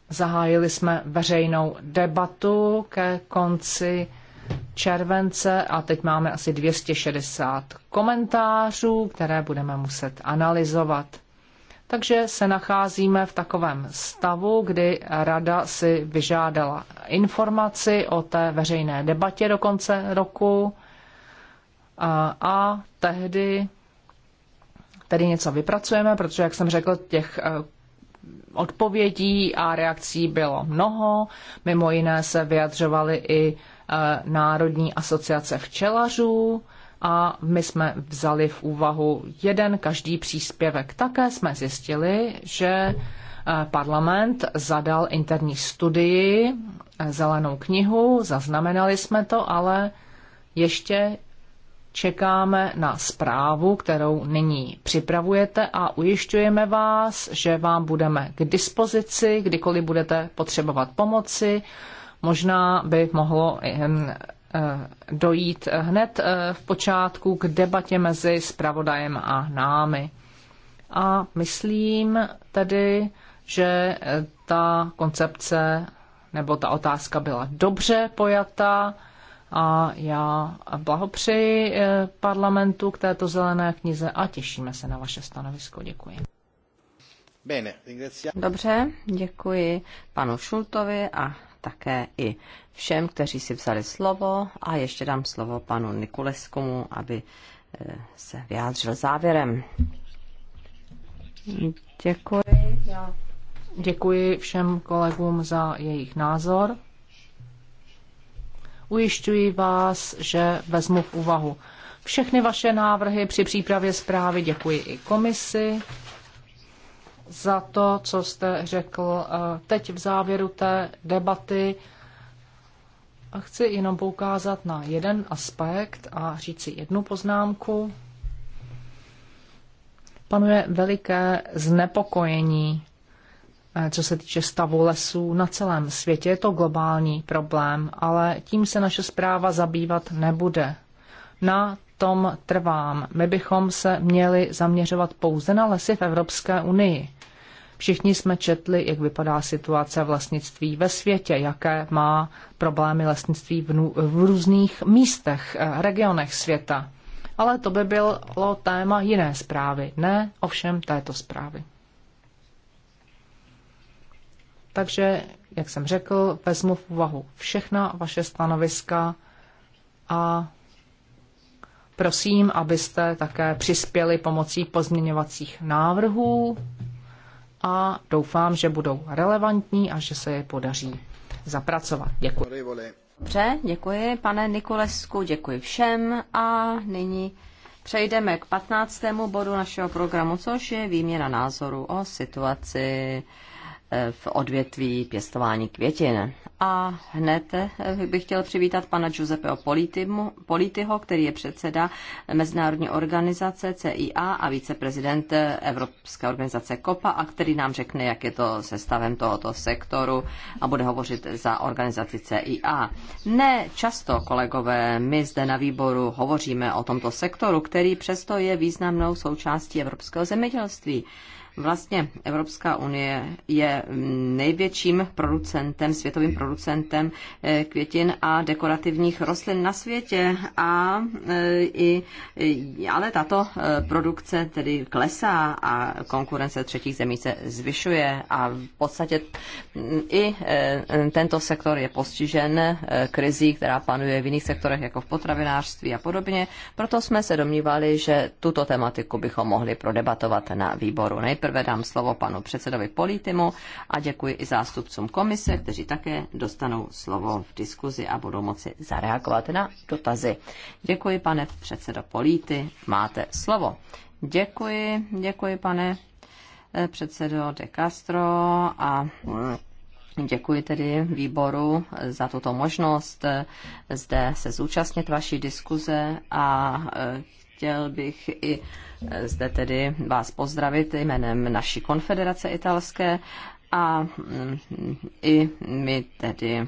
Zahájili jsme veřejnou debatu ke konci července a teď máme asi 260 komentářů, které budeme muset analyzovat. Takže se nacházíme v takovém stavu, kdy rada si vyžádala informaci o té veřejné debatě do konce roku a, a tehdy tedy něco vypracujeme, protože, jak jsem řekl, těch eh, odpovědí a reakcí bylo mnoho. Mimo jiné se vyjadřovaly i eh, Národní asociace včelařů, a my jsme vzali v úvahu jeden každý příspěvek. Také jsme zjistili, že eh, parlament zadal interní studii, eh, zelenou knihu, zaznamenali jsme to, ale ještě čekáme na zprávu, kterou nyní připravujete a ujišťujeme vás, že vám budeme k dispozici, kdykoliv budete potřebovat pomoci. Možná by mohlo Eh, dojít hned eh, v počátku k debatě mezi spravodajem a námi. A myslím tedy, že ta koncepce nebo ta otázka byla dobře pojatá a já blahopřeji eh, parlamentu k této zelené knize a těšíme se na vaše stanovisko. Děkuji. Dobře, děkuji panu Šultovi a také i všem, kteří si vzali slovo a ještě dám slovo panu Nikuleskomu, aby eh, se vyjádřil závěrem. Děkuji. Já. Děkuji všem kolegům za jejich názor. Ujišťuji vás, že vezmu v úvahu všechny vaše návrhy při přípravě zprávy. Děkuji i komisi za to, co jste řekl eh, teď v závěru té debaty. A chci jenom poukázat na jeden aspekt a říci jednu poznámku. Panuje veliké znepokojení, eh, co se týče stavu lesů na celém světě. Je to globální problém, ale tím se naše zpráva zabývat nebude. Na tom trvám. My bychom se měli zaměřovat pouze na lesy v Evropské unii. Všichni jsme četli, jak vypadá situace v lesnictví ve světě, jaké má problémy lesnictví v, v různých místech, eh, regionech světa. Ale to by bylo téma jiné zprávy, ne ovšem této zprávy. Takže, jak jsem řekl, vezmu v úvahu všechna vaše stanoviska a Prosím, abyste také přispěli pomocí pozměňovacích návrhů a doufám, že budou relevantní a že se je podaří zapracovat. Děkuji. Dobře, děkuji pane Nikolesku, děkuji všem a nyní přejdeme k 15. bodu našeho programu, což je výměna názoru o situaci v odvětví pěstování květin. A hned eh, bych chtěl přivítat pana Giuseppeho Politiho, který je předseda Mezinárodní organizace CIA a viceprezident eh, Evropské organizace COPA, a který nám řekne, jak je to se stavem tohoto sektoru a bude hovořit za organizaci CIA. Ne často, kolegové, my zde na výboru hovoříme o tomto sektoru, který přesto je významnou součástí evropského zemědělství. Vlastně Evropská unie je největším producentem, světovým producentem eh, květin a dekorativních rostlin na světě, a eh, i, eh, ale tato produkce tedy klesá a konkurence třetích zemí se zvyšuje a v podstatě mm, i tento sektor je postižen krizí, která panuje v jiných sektorech, jako v potravinářství a podobně. Proto jsme se domnívali, že tuto tematiku bychom mohli prodebatovat na výboru. Nejprve Nejprve dám slovo panu předsedovi Politimu a děkuji i zástupcům komise, kteří také dostanou slovo v diskuzi a budou moci zareagovat na dotazy. Děkuji, pane předsedo Polity, máte slovo. Děkuji, děkuji, pane eh, předsedo De Castro a mm, Děkuji tedy výboru za tuto možnost eh, zde se zúčastnit vaší diskuze a eh, chtěl bych i zde tedy vás pozdravit jménem naší konfederace italské a mm, i my tedy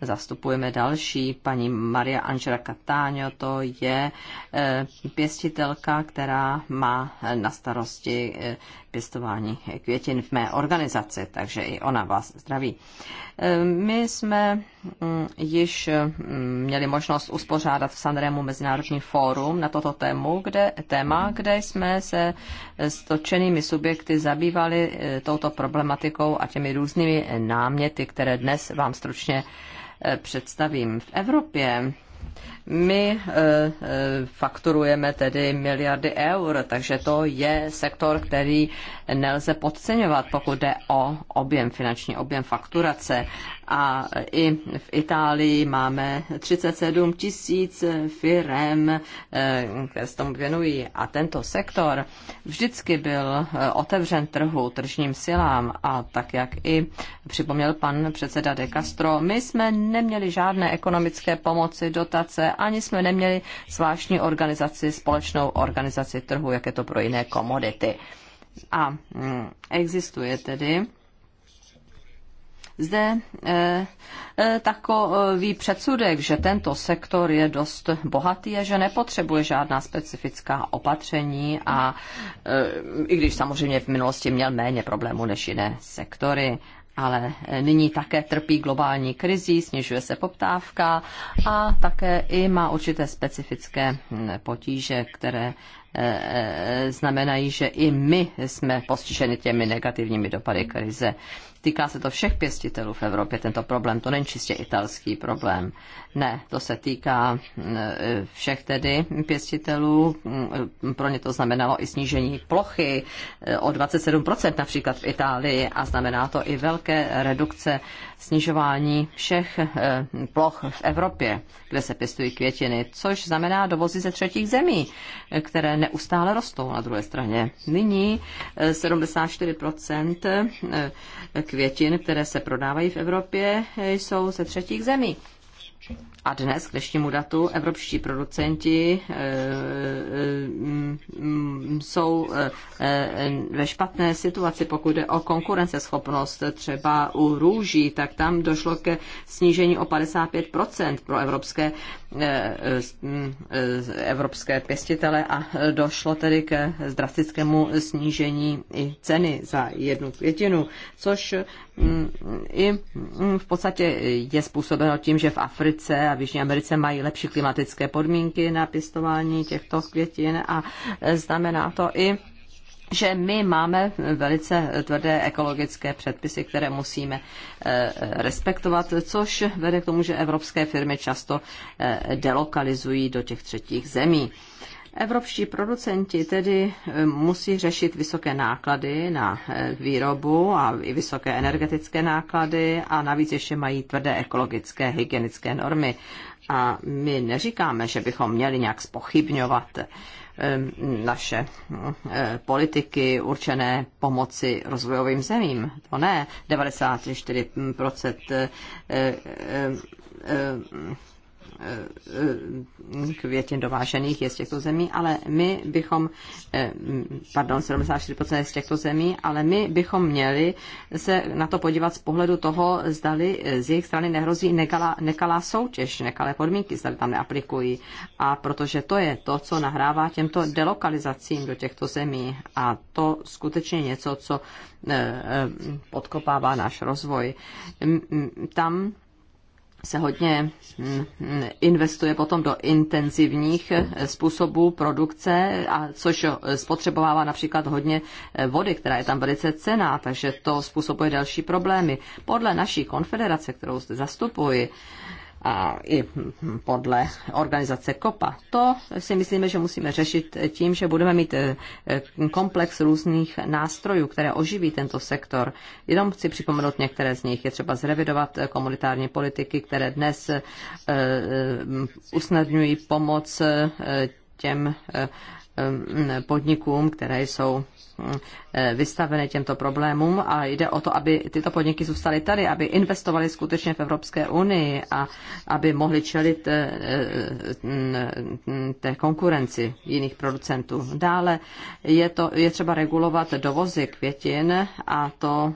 zastupujeme další, paní Maria Angela Catania, to je eh, pěstitelka, která má eh, na starosti eh, pěstování květin v mé organizaci, takže i ona vás zdraví. My jsme mm, již mm, měli možnost uspořádat v Sanremu Mezinárodní fórum na toto tému, kde, téma, kde jsme se s točenými subjekty zabývali touto problematikou a těmi různými náměty, které dnes vám stručně představím. V Evropě my eh, eh, fakturujeme tedy miliardy eur, takže to je sektor, který nelze podceňovat, pokud jde o objem, finanční objem fakturace. A i v Itálii máme 37 tisíc firm, eh, které se tomu věnují. A tento sektor vždycky byl otevřen trhu, tržním silám. A tak, jak i připomněl pan předseda De Castro, my jsme neměli žádné ekonomické pomoci do dotace, ani jsme neměli zvláštní organizaci, společnou organizaci trhu, jak je to pro jiné komodity. A mm, existuje tedy zde e, e, takový předsudek, že tento sektor je dost bohatý a že nepotřebuje žádná specifická opatření a e, i když samozřejmě v minulosti měl méně problémů než jiné sektory ale eh, nyní také trpí globální krizí, snižuje se poptávka a také i má určité specifické hm, potíže, které eh, eh, znamenají, že i my jsme postiženi těmi negativními dopady krize. Týká se to všech pěstitelů v Evropě, tento problém. To není čistě italský problém. Ne, to se týká e, všech tedy pěstitelů. E, pro ně to znamenalo i snížení plochy e, o 27% například v Itálii a znamená to i velké redukce snižování všech ploch v Evropě, kde se pěstují květiny, což znamená dovozy ze třetích zemí, které neustále rostou na druhé straně. Nyní 74% květin, které se prodávají v Evropě, jsou ze třetích zemí. A dnes, k dnešnímu datu, evropští producenti eh, eh, mm, mm, jsou eh, ve špatné situaci, pokud jde o konkurenceschopnost. Třeba u růží, tak tam došlo ke snížení o 55% pro evropské, evropské pěstitele a došlo tedy k drastickému snížení i ceny za jednu květinu, což mm, i v podstatě je způsobeno tím, že v Africe a v Jižní Americe mají lepší klimatické podmínky na pěstování těchto květin a e, znamená to i že my máme velice tvrdé ekologické předpisy, které musíme e, respektovat, což vede k tomu, že evropské firmy často e, delokalizují do těch třetích zemí. Evropští producenti tedy eh, musí řešit vysoké náklady na eh, výrobu a i vysoké energetické náklady a navíc ještě mají tvrdé ekologické hygienické normy. A my neříkáme, že bychom měli nějak spochybňovat ehm, naše eh, politiky určené pomoci rozvojovým zemím. To ne. 94% Eh, eh, květin dovážených je z těchto zemí, ale my bychom, eh, pardon, 74% je z těchto zemí, ale my bychom měli se na to podívat z pohledu toho, zdali z jejich strany nehrozí nekalá, nekalá soutěž, nekalé podmínky, zdali tam neaplikují. A protože to je to, co nahrává těmto delokalizacím do těchto zemí a to skutečně něco, co podkopává náš rozvoj. Tam se hodně mm, investuje potom do intenzivních eh, způsobů produkce, a což eh, spotřebovává například hodně eh, vody, která je tam velice cená, takže to způsobuje další problémy. Podle naší konfederace, kterou zde zastupuji, a i podle organizace COPA. To si myslíme, že musíme řešit tím, že budeme mít e, komplex různých nástrojů, které oživí tento sektor. Jenom chci připomenout některé z nich. Je třeba zrevidovat komunitární politiky, které dnes e, e, usnadňují pomoc těm podnikům, které jsou Eh, vystaveny těmto problémům a jde o to, aby tyto podniky zůstaly tady, aby investovaly skutečně v Evropské unii a aby mohly čelit eh, eh, té konkurenci jiných producentů. Dále je, to, je třeba regulovat dovozy květin a to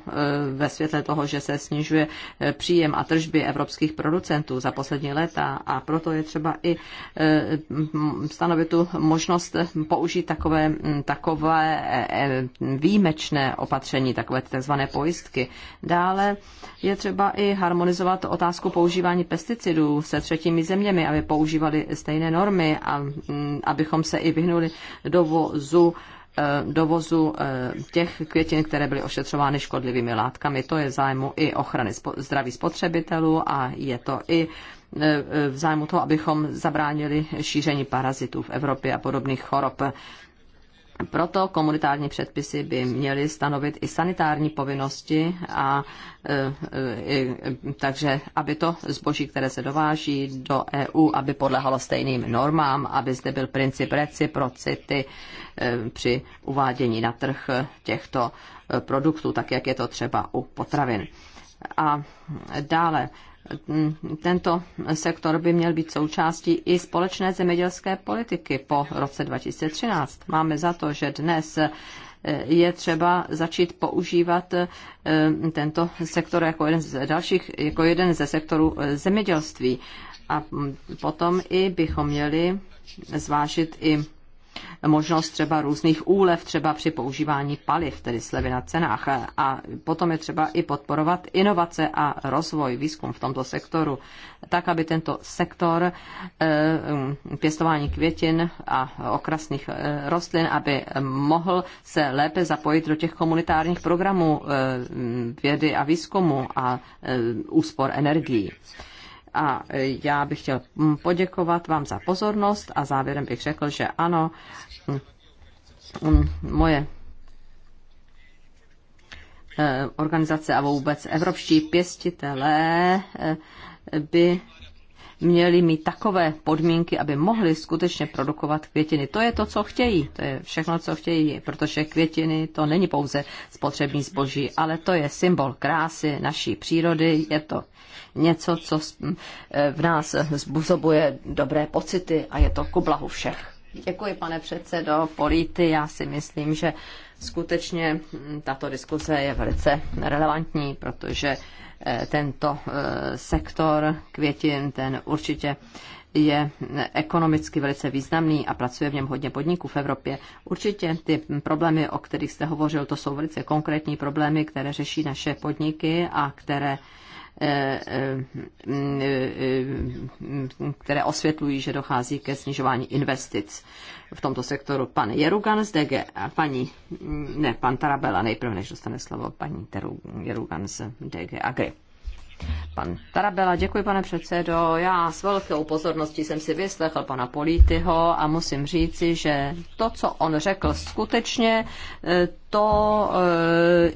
ve světle toho, že se snižuje příjem a tržby evropských producentů za poslední léta a proto je třeba i stanovit tu možnost použít takové, takové výjimečné opatření, takové tzv. pojistky. Dále je třeba i harmonizovat otázku používání pesticidů se třetími zeměmi, aby používali stejné normy a mm, abychom se i vyhnuli dovozu eh, dovozu eh, těch květin, které byly ošetřovány škodlivými látkami. To je zájmu i ochrany zdraví spotřebitelů a je to i eh, v zájmu toho, abychom zabránili šíření parazitů v Evropě a podobných chorob. Proto komunitární předpisy by měly stanovit i sanitární povinnosti, a, e, e, takže aby to zboží, které se dováží do EU, aby podlehalo stejným normám, aby zde byl princip reciprocity e, při uvádění na trh těchto produktů, tak jak je to třeba u potravin. A dále tento sektor by měl být součástí i společné zemědělské politiky po roce 2013. Máme za to, že dnes eh, je třeba začít používat eh, tento sektor jako jeden z dalších, jako jeden ze sektorů eh, zemědělství. A mm, potom i bychom měli zvážit i možnost třeba různých úlev, třeba při používání paliv, tedy slevy na cenách. A potom je třeba i podporovat inovace a rozvoj, výzkum v tomto sektoru, tak, aby tento sektor eh, pěstování květin a okrasných eh, rostlin, aby mohl se lépe zapojit do těch komunitárních programů eh, vědy a výzkumu a úspor energií. A e, já bych chtěl mm, poděkovat vám za pozornost a závěrem bych řekl, že ano, mm, mm, moje e, organizace a vůbec evropští pěstitelé e, by měli mít takové podmínky, aby mohli skutečně produkovat květiny. To je to, co chtějí. To je všechno, co chtějí, protože květiny to není pouze spotřební zboží, ale to je symbol krásy naší přírody. Je to něco, co e, v nás zbuzobuje dobré pocity a je to ku blahu všech. Děkuji, pane předsedo Polity. Já si myslím, že skutečně tato diskuse je velice relevantní, protože Eh, tento eh, sektor květin, ten určitě je eh, ekonomicky velice významný a pracuje v něm hodně podniků v Evropě. Určitě ty problémy, o kterých jste hovořil, to jsou velice konkrétní problémy, které řeší naše podniky a které Eh, eh, mm, které osvětlují, že dochází ke snižování investic v tomto sektoru. Pan Jerugan z DG a paní, ne, pan Tarabela nejprve, než dostane slovo paní Jerugan z DG Agri. Pan Tarabela, děkuji pane předsedo. Já s velkou pozorností jsem si vyslechl pana Polítyho a musím říci, že to, co on řekl, skutečně eh, to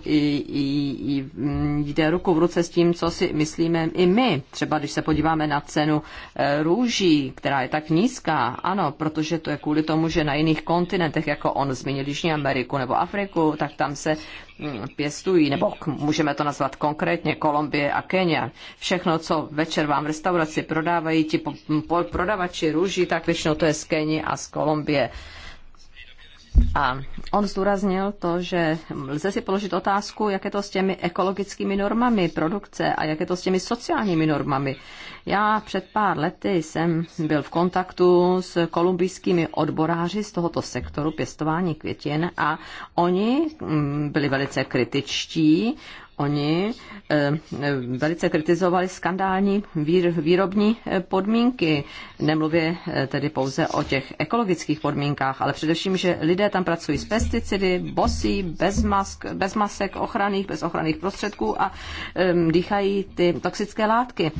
eh, mm, jde ruku v ruce s tím, co si myslíme i my. Třeba když se podíváme na cenu eh, růží, která je tak nízká, ano, protože to je kvůli tomu, že na jiných kontinentech, jako on zmínil Jižní Ameriku nebo Afriku, tak tam se mm, pěstují, nebo můžeme to nazvat konkrétně Kolumbie a Kenia. Všechno, co večer vám v restauraci prodávají ti po, po, prodavači růží, tak většinou to je z Keni a z Kolumbie. A on zdůraznil to, že lze si položit otázku, jak je to s těmi ekologickými normami produkce a jak je to s těmi sociálními normami. Já před pár lety jsem byl v kontaktu s kolumbijskými odboráři z tohoto sektoru pěstování květin a oni mm, byli velice kritičtí Oni eh, velice kritizovali skandální výrobní eh, podmínky. Nemluvě eh, tedy pouze o těch ekologických podmínkách, ale především, že lidé tam pracují s pesticidy, bosí, bez, mask, bez masek ochranných, bez ochranných prostředků a dýchají ty toxické látky.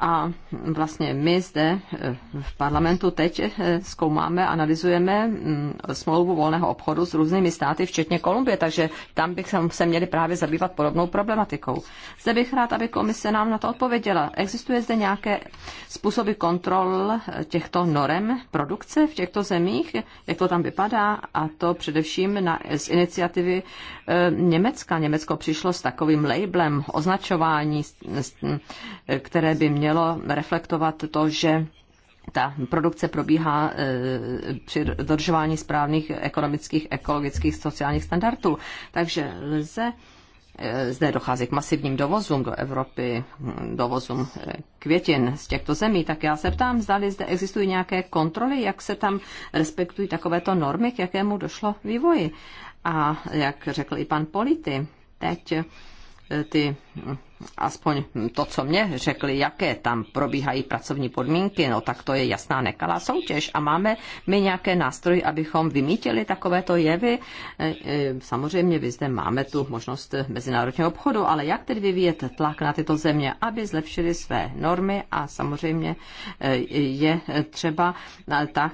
A vlastně my zde eh, v parlamentu teď eh, zkoumáme, analyzujeme mm, smlouvu volného obchodu s různými státy, včetně Kolumbie, takže tam bych se měli právě zabývat podobnou problematikou. Zde bych rád, aby komise nám na to odpověděla. Existuje zde nějaké způsoby kontrol eh, těchto norem produkce v těchto zemích, jak to tam vypadá, a to především na, z iniciativy Německa. Německo přišlo s takovým labelem označování, které by mělo mělo reflektovat to, že ta produkce probíhá e, při dodržování správných ekonomických, ekologických, sociálních standardů. Takže lze e, zde dochází k masivním dovozům do Evropy, hm, dovozům e, květin z těchto zemí, tak já se ptám, zda zde existují nějaké kontroly, jak se tam respektují takovéto normy, k jakému došlo vývoji. A jak řekl i pan Polity, teď ty hm, aspoň to, co mě řekli, jaké tam probíhají pracovní podmínky, no tak to je jasná nekalá soutěž. A máme my nějaké nástroje, abychom vymítili takovéto jevy. E, e, samozřejmě vy zde máme tu možnost mezinárodního obchodu, ale jak tedy vyvíjet tlak na tyto země, aby zlepšili své normy a samozřejmě e, je třeba tak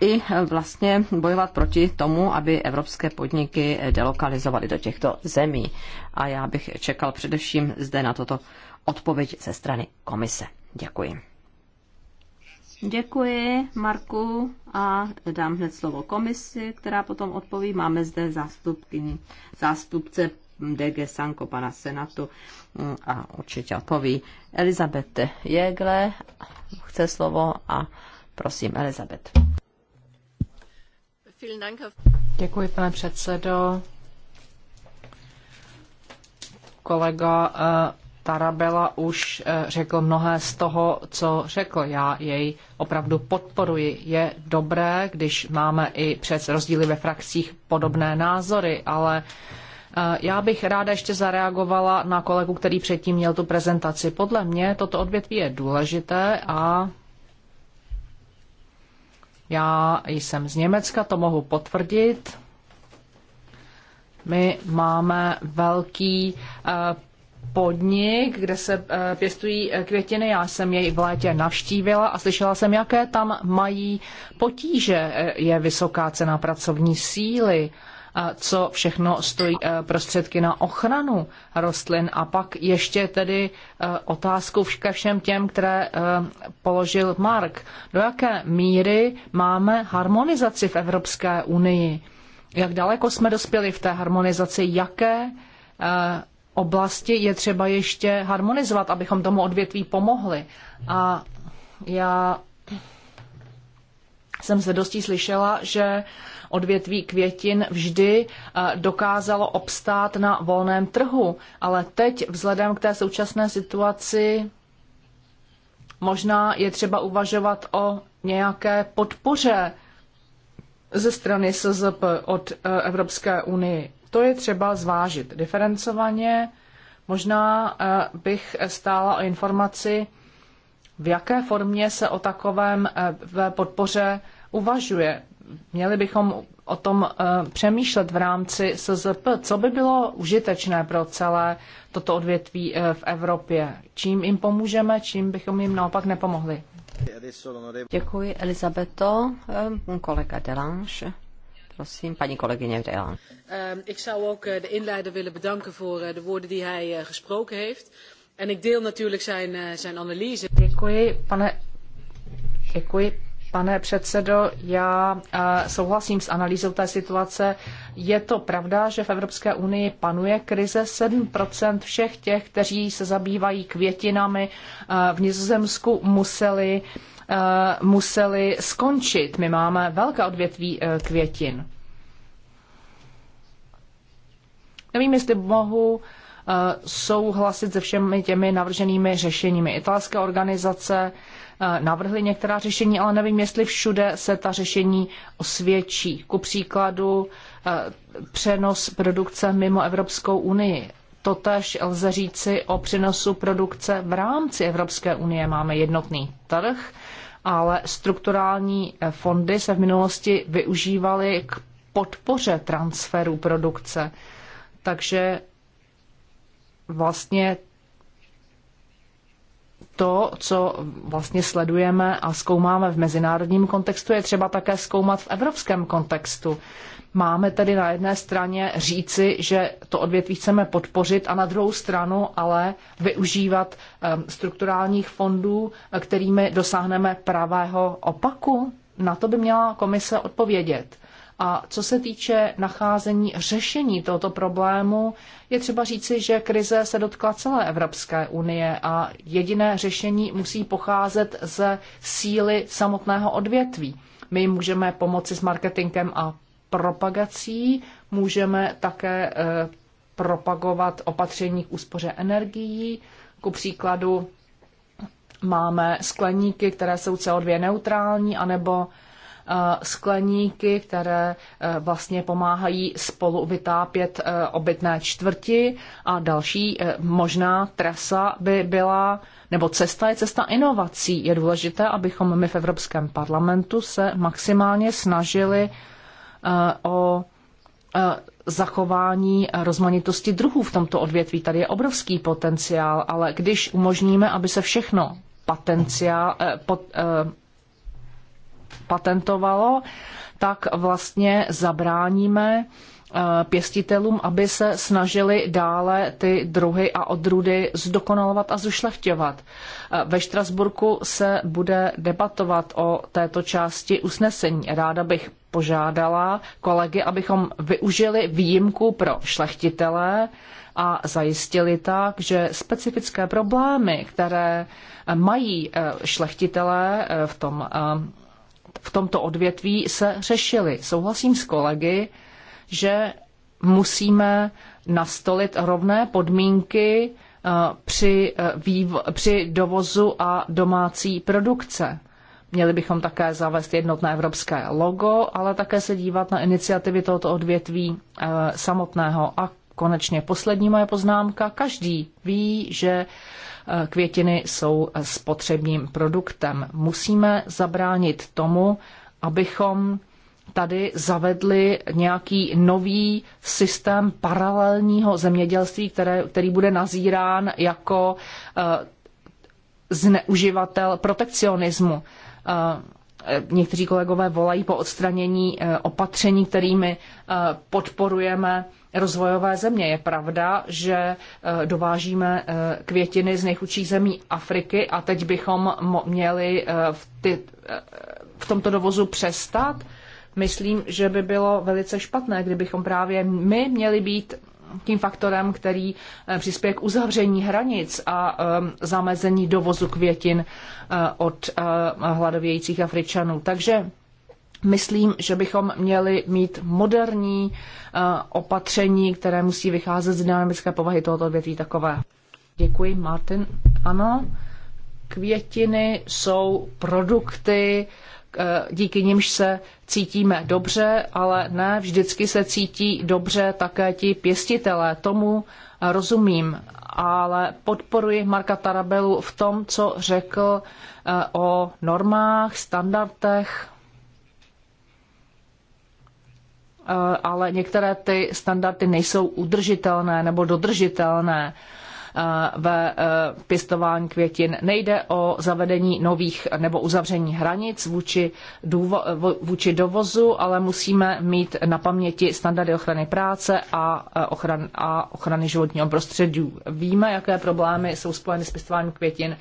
i vlastně bojovat proti tomu, aby evropské podniky delokalizovaly do těchto zemí a já bych čekal především zde na toto odpověď ze strany komise. Děkuji. Děkuji, Marku, a dám hned slovo komisi, která potom odpoví. Máme zde zástupkyni, zástupce DG Sanko, pana Senatu a určitě odpoví. Elizabeth Jegle chce slovo a prosím, Elizabeth. Děkuji, pane předsedo kolega eh, Tarabela už eh, řekl mnohé z toho, co řekl. Já jej opravdu podporuji. Je dobré, když máme i přes rozdíly ve frakcích podobné názory, ale eh, já bych ráda ještě zareagovala na kolegu, který předtím měl tu prezentaci. Podle mě toto odvětví je důležité a já jsem z Německa, to mohu potvrdit. My máme velký eh, podnik, kde se eh, pěstují eh, květiny. Já jsem jej v létě navštívila a slyšela jsem, jaké tam mají potíže. Je vysoká cena pracovní síly, co všechno stojí prostředky na ochranu rostlin a pak ještě tedy otázku ke všem těm, které položil Mark. Do jaké míry máme harmonizaci v Evropské unii? jak daleko jsme dospěli v té harmonizaci, jaké eh, oblasti je třeba ještě harmonizovat, abychom tomu odvětví pomohli. A já jsem se dosti slyšela, že odvětví květin vždy eh, dokázalo obstát na volném trhu, ale teď vzhledem k té současné situaci možná je třeba uvažovat o nějaké podpoře ze strany SZP od eh, Evropské unie. To je třeba zvážit diferencovaně. Možná eh, bych stála o informaci, v jaké formě se o takovém eh, podpoře uvažuje. Měli bychom o tom přemýšlet v rámci SZP, co by bylo užitečné pro celé toto odvětví v Evropě. Čím jim pomůžeme, čím bychom jim naopak nepomohli. Děkuji, Elizabeto. Ehm, kolega Delange. Prosím, paní kolegyně Delange. Ehm, ik zou ook eh, de inleider willen bedanken voor eh, de woorden die hij eh, gesproken heeft. En ik deel natuurlijk zijn, zijn analyse. Děkuji, pane, děkuji, Pane předsedo, já eh, souhlasím s analýzou té situace. Je to pravda, že v Evropské unii panuje krize 7% všech těch, kteří se zabývají květinami eh, v Nizozemsku, museli, eh, museli skončit. My máme velké odvětví květin. Nevím, jestli mohu souhlasit se všemi těmi navrženými řešeními. Italské organizace Eh, navrhli některá řešení, ale nevím, jestli všude se ta řešení osvědčí. Ku příkladu eh, přenos produkce mimo Evropskou unii. Totež lze říci o přenosu produkce v rámci Evropské unie. Máme jednotný trh, ale strukturální eh, fondy se v minulosti využívaly k podpoře transferu produkce. Takže vlastně to, co vlastně sledujeme a zkoumáme v mezinárodním kontextu, je třeba také zkoumat v evropském kontextu. Máme tedy na jedné straně říci, že to odvětví chceme podpořit a na druhou stranu ale využívat ehm, strukturálních fondů, kterými dosáhneme pravého opaku? Na to by měla komise odpovědět. A co se týče nacházení řešení tohoto problému, je třeba říci, že krize se dotkla celé Evropské unie a jediné řešení musí pocházet ze síly samotného odvětví. My můžeme pomoci s marketingem a propagací, můžeme také eh, propagovat opatření k úspoře energií, ku příkladu máme skleníky, které jsou CO2 neutrální, anebo Eh, skleníky, které eh, vlastně pomáhají spolu vytápět eh, obytné čtvrti a další možná trasa by byla, nebo cesta je cesta inovací. Je důležité, abychom my v Evropském parlamentu se maximálně snažili o zachování rozmanitosti druhů v tomto odvětví. Tady je obrovský potenciál, ale když umožníme, aby se všechno potenciál, pot, patentovalo, tak vlastně zabráníme eh, pěstitelům, aby se snažili dále ty druhy a odrůdy zdokonalovat a zušlechtěvat. Eh, ve Štrasburku se bude debatovat o této části usnesení. Ráda bych požádala kolegy, abychom využili výjimku pro šlechtitele a zajistili tak, že specifické problémy, které mají eh, šlechtitelé v tom v tomto odvětví se řešily. Souhlasím s kolegy, že musíme nastolit rovné podmínky eh, při, eh, při dovozu a domácí produkce. Měli bychom také zavést jednotné evropské logo, ale také se dívat na iniciativy tohoto odvětví eh, samotného. A konečně poslední moje poznámka. Každý ví, že eh, květiny jsou eh, spotřebním produktem. Musíme zabránit tomu, abychom tady zavedli nějaký nový systém paralelního zemědělství, které, který bude nazírán jako uh, zneuživatel protekcionismu. Uh, Eh, někteří kolegové volají po odstranění eh, opatření, kterými eh, podporujeme rozvojové země. Je pravda, že dovážíme květiny z nejchudších zemí Afriky a teď bychom měli v, ty, v tomto dovozu přestat. Myslím, že by bylo velice špatné, kdybychom právě my měli být tím faktorem, který eh, přispěje k uzavření hranic a ehm, zamezení dovozu květin eh, od eh, hladovějících Afričanů. Takže Myslím, že bychom měli mít moderní opatření, které musí vycházet z dynamické povahy tohoto odvětví takové. Děkuji, Martin. Ano, květiny jsou produkty, Eh, díky nimž se cítíme dobře, ale ne vždycky se cítí dobře také ti pěstitelé. Tomu rozumím, ale podporuji Marka Tarabelu v tom, co řekl eh, o normách, standardech, eh, ale některé ty standardy nejsou udržitelné nebo dodržitelné. Eh, ve eh, pěstování květin. Nejde o zavedení nových nebo uzavření hranic vůči, důvo, vůči dovozu, ale musíme mít na paměti standardy ochrany práce a, eh, ochran, a ochrany životního prostředí. Víme, jaké problémy jsou spojeny s pěstováním květin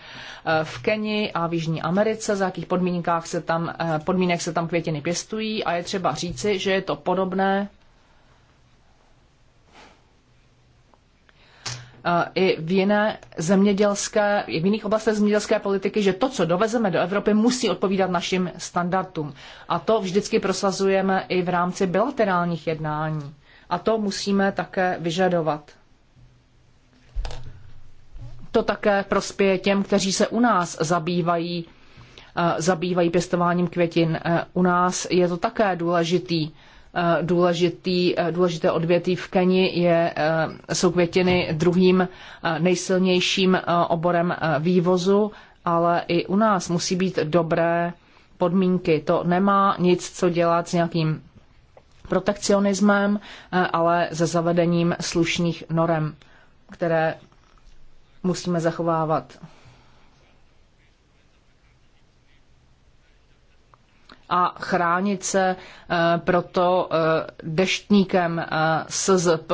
v Keni a v Jižní Americe, za jakých podmínkách se tam, podmínek se tam květiny pěstují a je třeba říci, že je to podobné i v jiné zemědělské, i v jiných oblastech zemědělské politiky, že to, co dovezeme do Evropy, musí odpovídat našim standardům. A to vždycky prosazujeme i v rámci bilaterálních jednání. A to musíme také vyžadovat. To také prospěje těm, kteří se u nás zabývají, zabývají pěstováním květin. U nás je to také důležitý Eh, důležitý, eh, důležité odvětví v Keni je, eh, jsou květiny druhým nejsilnějším oborem vývozu, ale i u nás musí být dobré podmínky. To nemá nic co dělat s nějakým protekcionismem, ale se zavedením slušných norem, které musíme zachovávat. a chránit se eh, proto eh, deštníkem eh, SZP.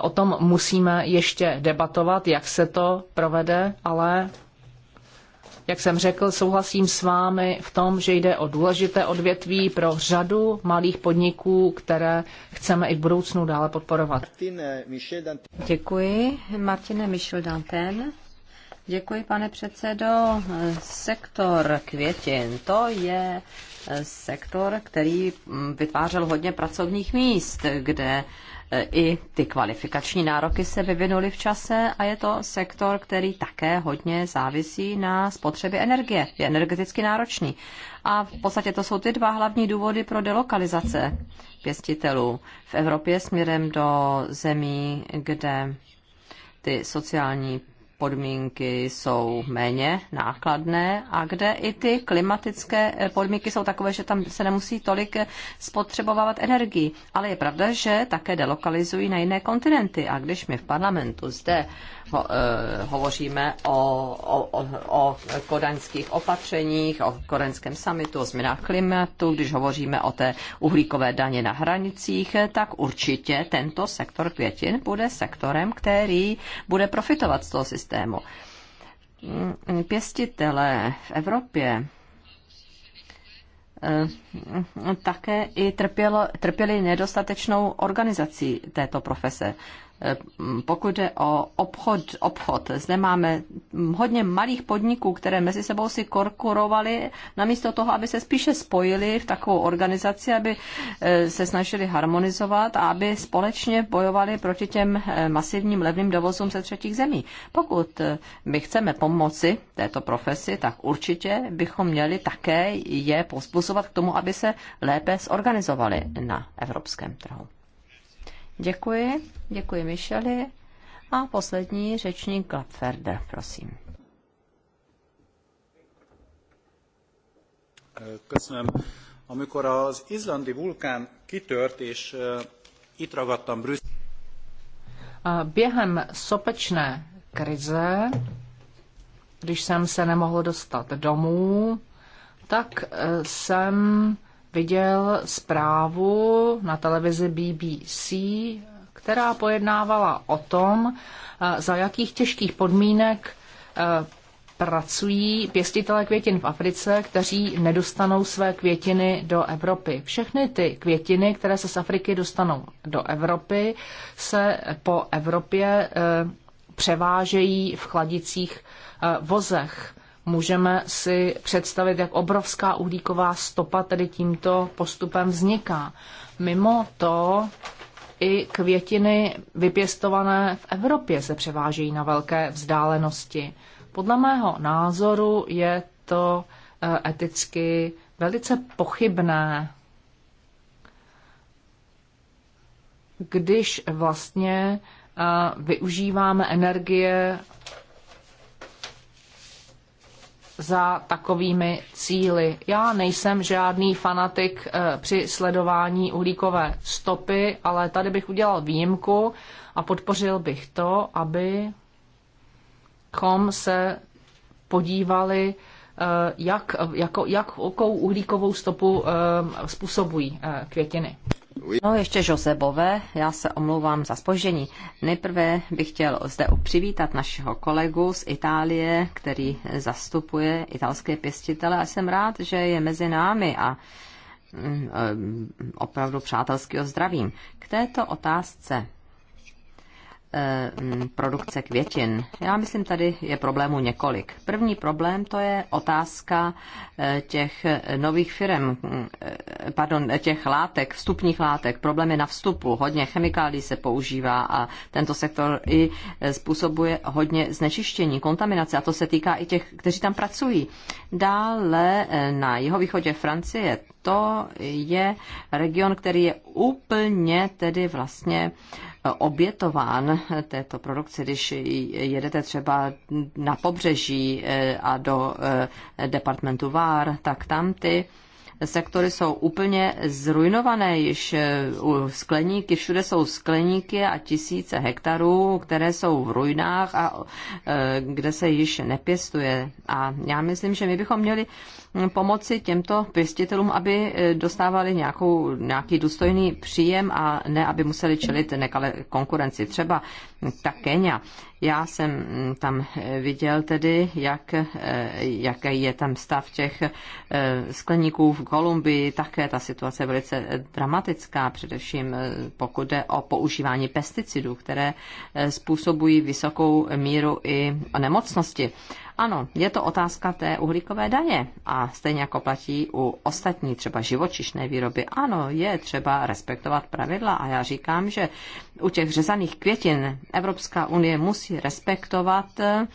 O tom musíme ještě debatovat, jak se to provede, ale jak jsem řekl, souhlasím s vámi v tom, že jde o důležité odvětví pro řadu malých podniků, které chceme i v budoucnu dále podporovat. Děkuji, Martine Michel Danten. Děkuji, pane předsedo. Sektor květin, to je sektor, který mm, vytvářel hodně pracovních míst, kde e, i ty kvalifikační nároky se vyvinuly v čase a je to sektor, který také hodně závisí na spotřebě energie, je energeticky náročný. A v podstatě to jsou ty dva hlavní důvody pro delokalizace pěstitelů v Evropě směrem do zemí, kde ty sociální podmínky jsou méně nákladné a kde i ty klimatické eh, podmínky jsou takové, že tam se nemusí tolik eh, spotřebovávat energii. Ale je pravda, že také delokalizují na jiné kontinenty. A když my v parlamentu zde ho, e, hovoříme o, o, o, o kodaňských opatřeních, o kodaňském samitu, o změnách klimatu, když hovoříme o té uhlíkové daně na hranicích, tak určitě tento sektor květin bude sektorem, který bude profitovat z toho systému systému. Mm, Pěstitelé v Evropě eh, také i trpělo, trpěli nedostatečnou organizací této profese. Pokud jde o obchod, obchod, zde máme hodně malých podniků, které mezi sebou si korkurovaly, namísto toho, aby se spíše spojili v takovou organizaci, aby eh, se snažili harmonizovat a aby společně bojovali proti těm eh, masivním levným dovozům ze třetích zemí. Pokud eh, my chceme pomoci této profesi, tak určitě bychom měli také je pospůsobovat k tomu, aby se lépe zorganizovali na evropském trhu. Děkuji, děkuji Michele. A poslední řečník Gladferder, prosím. Köszönöm. Amikor az izlandi vulkán kitört, és itt ragadtam Brüsszel. Během sopečné krize, když jsem se nemohl dostat domů, tak jsem viděl zprávu na televizi BBC, která pojednávala o tom, eh, za jakých těžkých podmínek eh, pracují pěstitelé květin v Africe, kteří nedostanou své květiny do Evropy. Všechny ty květiny, které se z Afriky dostanou do Evropy, se po Evropě eh, převážejí v chladicích vozech. Můžeme si představit, jak obrovská uhlíková stopa tedy tímto postupem vzniká. Mimo to i květiny vypěstované v Evropě se převážejí na velké vzdálenosti. Podle mého názoru je to eh, eticky velice pochybné, když vlastně eh, využíváme energie za takovými cíly. Já nejsem žádný fanatik eh, při sledování uhlíkové stopy, ale tady bych udělal výjimku a podpořil bych to, aby kom se podívali, eh, jak, jako, jakou uhlíkovou stopu eh, způsobují květiny. No, ještě Josebové, já se omlouvám za spoždění. Nejprve bych chtěl zde přivítat našeho kolegu z Itálie, který zastupuje italské pěstitele a jsem rád, že je mezi námi a mm, e, opravdu přátelského zdravím. K této otázce Eh, mm, produkce květin. Já myslím, tady je problémů několik. První problém to je otázka eh, těch nových firm, eh, pardon, těch látek, vstupních látek. Problém je na vstupu. Hodně chemikálí se používá a tento sektor i způsobuje hodně znečištění, kontaminace a to se týká i těch, kteří tam pracují. Dále na jihovýchodě Francie to je region, který je úplně tedy vlastně e, obětován této produkci. Když jedete třeba na pobřeží e, a do e, departementu VAR, tak tam ty sektory jsou úplně zrujnované již. Eh, skleníky, všude jsou skleníky a tisíce hektarů, které jsou v ruinách a eh, kde se již nepěstuje. A já myslím, že my bychom měli hm, pomoci těmto pěstitelům, aby eh, dostávali nějakou, nějaký důstojný příjem a ne, aby museli čelit nekalé konkurenci. Třeba ta Kenia. Já jsem tam viděl tedy, jak, eh, jaký je tam stav těch eh, skleníků v Kolumbii. Také ta situace je velice dramatická, především eh, pokud jde o používání pesticidů, které způsobují vysokou míru i nemocnosti. Ano, je to otázka té uhlíkové daně a stejně jako platí u ostatní třeba živočišné výroby. Ano, je třeba respektovat pravidla a já říkám, že u těch řezaných květin Evropská unie musí respektovat eh,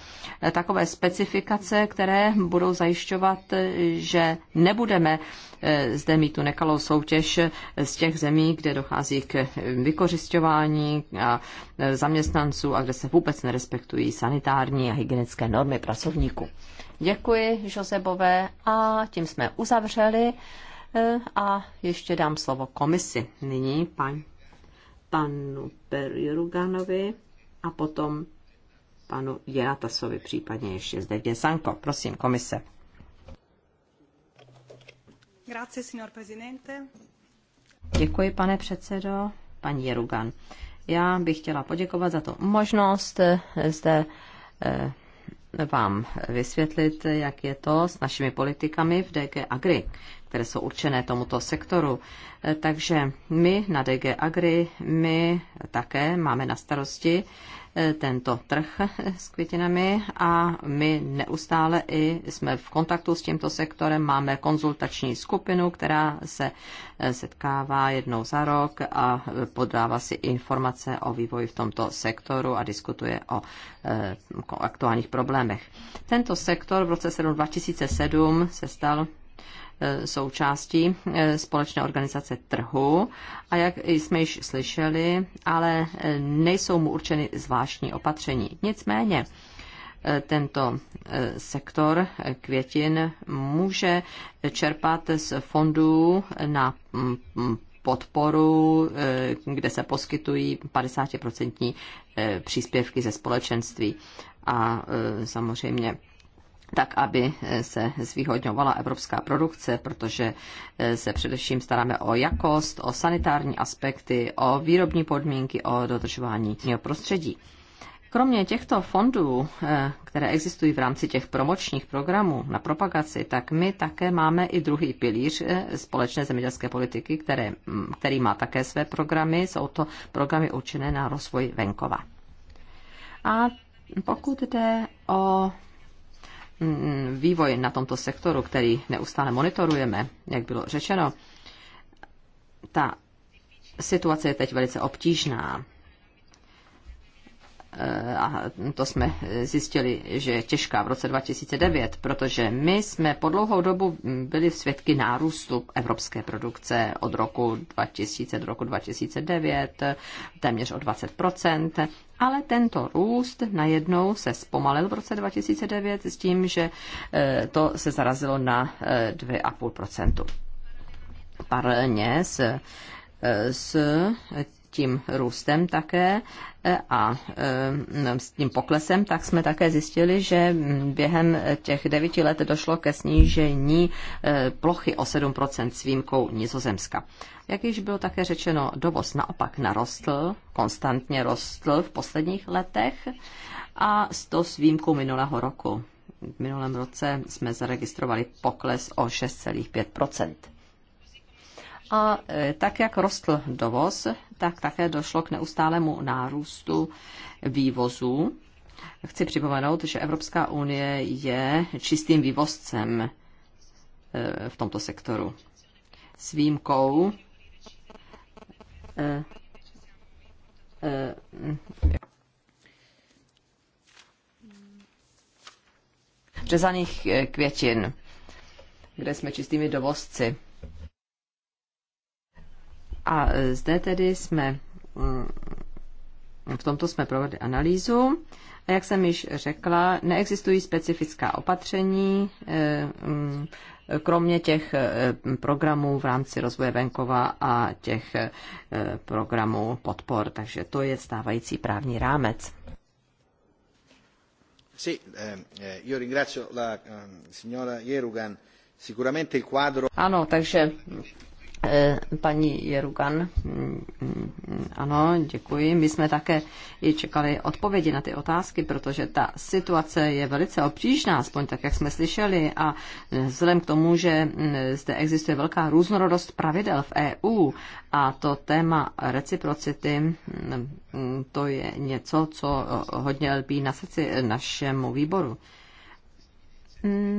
takové specifikace, které budou zajišťovat, eh, že nebudeme Eh, zde mít tu nekalou soutěž eh, z těch zemí, kde dochází k eh, vykořišťování a zaměstnanců a kde se vůbec nerespektují sanitární a hygienické normy pracovníků. Děkuji, Josebové, a tím jsme uzavřeli a ještě dám slovo komisi. Nyní pan, panu Perjuruganovi a potom panu Jenatasovi, případně ještě zde Děsanko. Prosím, komise. Děkuji, pane předsedo, paní Jerugan. Já bych chtěla poděkovat za tu možnost eh, zde eh, vám vysvětlit, jak je to s našimi politikami v DG Agri které jsou určené tomuto sektoru. Eh, takže my na DG Agri, my také máme na starosti eh, tento trh eh, s květinami a my neustále i jsme v kontaktu s tímto sektorem, máme konzultační skupinu, která se setkává jednou za rok a podává si informace o vývoji v tomto sektoru a diskutuje o, o aktuálních problémech. Tento sektor v roce 2007 se stal Eh, součástí eh, společné organizace trhu a jak jsme již slyšeli, ale eh, nejsou mu určeny zvláštní opatření. Nicméně tento sektor květin může čerpat z fondů na mm, mm, podporu, kde se poskytují 50% příspěvky ze společenství. A samozřejmě tak, aby eh, se zvýhodňovala evropská produkce, protože eh, se především staráme o jakost, o sanitární aspekty, o výrobní podmínky, o dodržování prostředí. Kromě těchto fondů, eh, které existují v rámci těch promočních programů na propagaci, tak my také máme i druhý pilíř společné zemědělské politiky, které, mm, který má také své programy. Jsou to programy určené na rozvoj venkova. A pokud jde o Mm, vývoj na tomto sektoru, který neustále monitorujeme, jak bylo řečeno, ta situace je teď velice obtížná Eh, a to jsme zjistili, že je těžká v roce 2009, protože my jsme po dlouhou dobu byli svědky nárůstu evropské produkce od roku 2000 do roku 2009, téměř o 20%, ale tento růst najednou se zpomalil v roce 2009 s tím, že eh, to se zarazilo na 2,5%. Eh, Paralelně s s tím růstem také eh, a eh, s tím poklesem, tak jsme také zjistili, že během těch devíti let došlo ke snížení eh, plochy o 7% s výjimkou Nizozemska. Jak již bylo také řečeno, dovoz naopak narostl, konstantně rostl v posledních letech a s to s výjimkou minulého roku. V minulém roce jsme zaregistrovali pokles o 6,5%. A e, tak, jak rostl dovoz, tak také došlo k neustálému nárůstu vývozu. Chci připomenout, že Evropská unie je čistým vývozcem e, v tomto sektoru. S výjimkou e, řezaných květin, kde jsme čistými dovozci. A zde tedy jsme, mm, v tomto jsme provedli analýzu. A jak jsem již řekla, neexistují specifická opatření, e, mm, kromě těch e, programů v rámci rozvoje venkova a těch e, programů podpor. Takže to je stávající právní rámec. Eh, eh, io ringrazio la eh, signora Jerugan. Sicuramente il quadro... Ano, takže Eh, paní Jerugan, mm, mm, ano, děkuji. My jsme také i čekali odpovědi na ty otázky, protože ta situace je velice obtížná, aspoň tak, jak jsme slyšeli. A eh, vzhledem k tomu, že mm, zde existuje velká různorodost pravidel v EU a to téma reciprocity, to je něco, co eh, hodně lpí na srdci našemu výboru.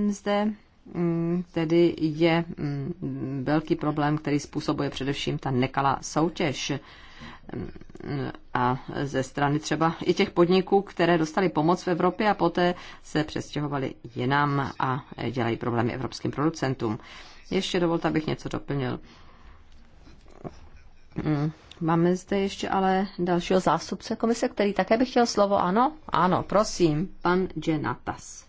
Zde Mm, tedy je mm, velký problém, který způsobuje především ta nekalá soutěž mm, a ze strany třeba i těch podniků, které dostali pomoc v Evropě a poté se přestěhovali jinam a dělají problémy evropským producentům. Ještě dovolte, abych něco doplnil. Máme zde ještě ale dalšího zástupce komise, který také by chtěl slovo. Ano, ano, prosím, pan Genatas.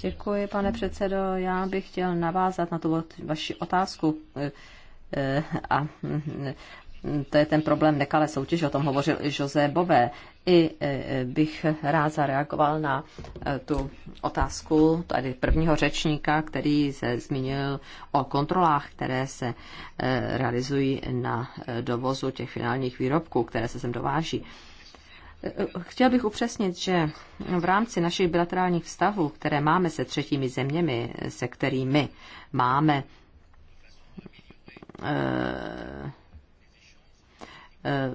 Děkuji, pane předsedo. Já bych chtěl navázat na tu vaši otázku. Eh, eh, a hm, to je ten problém nekalé soutěže, o tom hovořil i José Bové. I eh, bych rád zareagoval na tu otázku tady prvního řečníka, který se zmínil o kontrolách, které se realizují na dovozu těch finálních výrobků, které se sem dováží. Chtěl bych upřesnit, že v rámci našich bilaterálních vztahů, které máme se třetími zeměmi, se kterými máme eh, eh,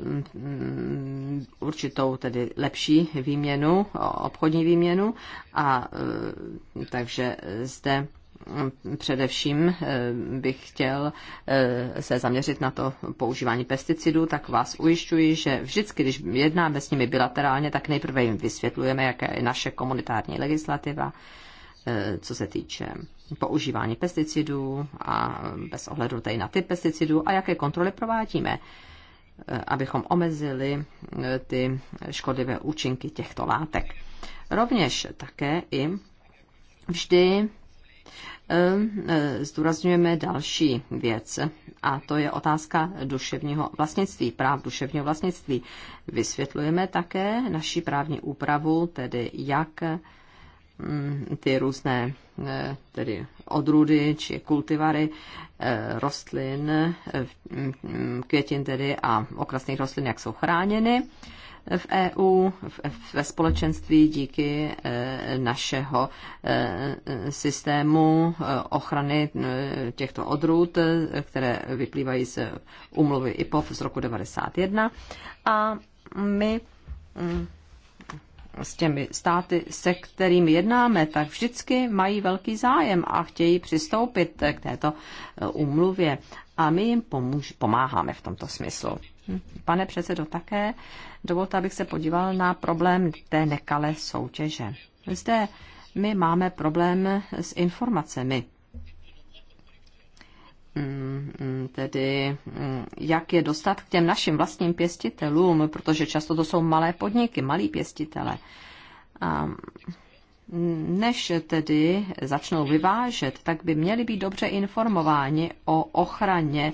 určitou tedy lepší výměnu, obchodní výměnu a eh, takže zde Především eh, bych chtěl eh, se zaměřit na to používání pesticidů, tak vás ujišťuji, že vždycky, když jednáme s nimi bilaterálně, tak nejprve jim vysvětlujeme, jaká je naše komunitární legislativa, eh, co se týče používání pesticidů a bez ohledu tady na ty pesticidů a jaké kontroly provádíme, abychom omezili ty škodlivé účinky těchto látek. Rovněž také i vždy Ehm, eh, zdůrazňujeme další věc a to je otázka duševního vlastnictví, práv duševního vlastnictví. Vysvětlujeme také naši právní úpravu, tedy jak mm, ty různé eh, tedy odrůdy či kultivary eh, rostlin, mm, květin tedy a okrasných rostlin, jak jsou chráněny v EU, ve společenství díky e, našeho e, systému e, ochrany těchto odrůd, které vyplývají z umluvy IPOV z roku 1991. A my mm, s těmi státy, se kterými jednáme, tak vždycky mají velký zájem a chtějí přistoupit k této úmluvě. A my jim pomáháme v tomto smyslu pane předsedo, také dovolte, abych se podíval na problém té nekalé soutěže. Zde my máme problém s informacemi. Mm, tedy mm, jak je dostat k těm našim vlastním pěstitelům, protože často to jsou malé podniky, malí pěstitele. A než tedy začnou vyvážet, tak by měli být dobře informováni o ochraně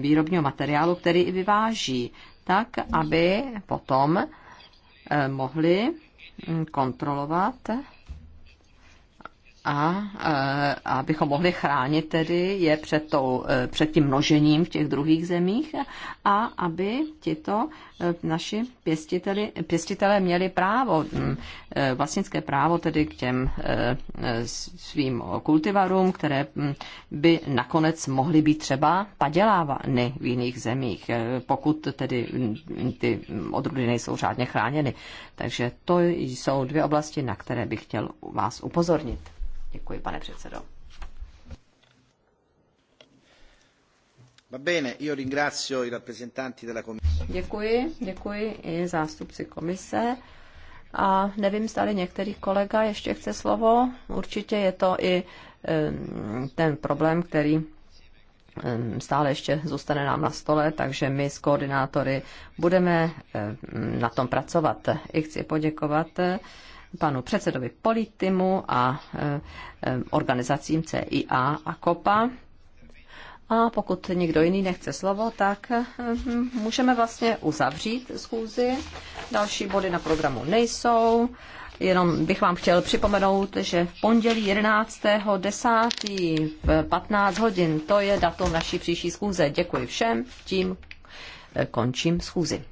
výrobního materiálu, který i vyváží, tak aby potom eh, mohli mm, kontrolovat a, e, abychom mohli chránit tedy je před, tou, eh, před tím množením v těch druhých zemích a aby tito eh, naši pěstiteli, měli právo, hm, vlastnické právo tedy k těm svým kultivarům, které hm, by nakonec mohly být třeba padělávány v jiných zemích, pokud tedy hm, ty odrudy nejsou řádně chráněny. Takže to jsou dvě oblasti, na které bych chtěl vás upozornit. Děkuji, pane předsedo. Děkuji, děkuji i zástupci komise. A nevím, zdali některý kolega ještě chce slovo. Určitě je to i ten problém, který stále ještě zůstane nám na stole, takže my s koordinátory budeme na tom pracovat. I chci poděkovat panu předsedovi Politimu a eh, eh, organizacím CIA a COPA. A pokud někdo jiný nechce slovo, tak eh, můžeme vlastně uzavřít schůzi. Další body na programu nejsou. Jenom bych vám chtěl připomenout, že v pondělí 11.10. v 15 hodin, to je datum naší příští schůze. Děkuji všem, tím končím schůzi.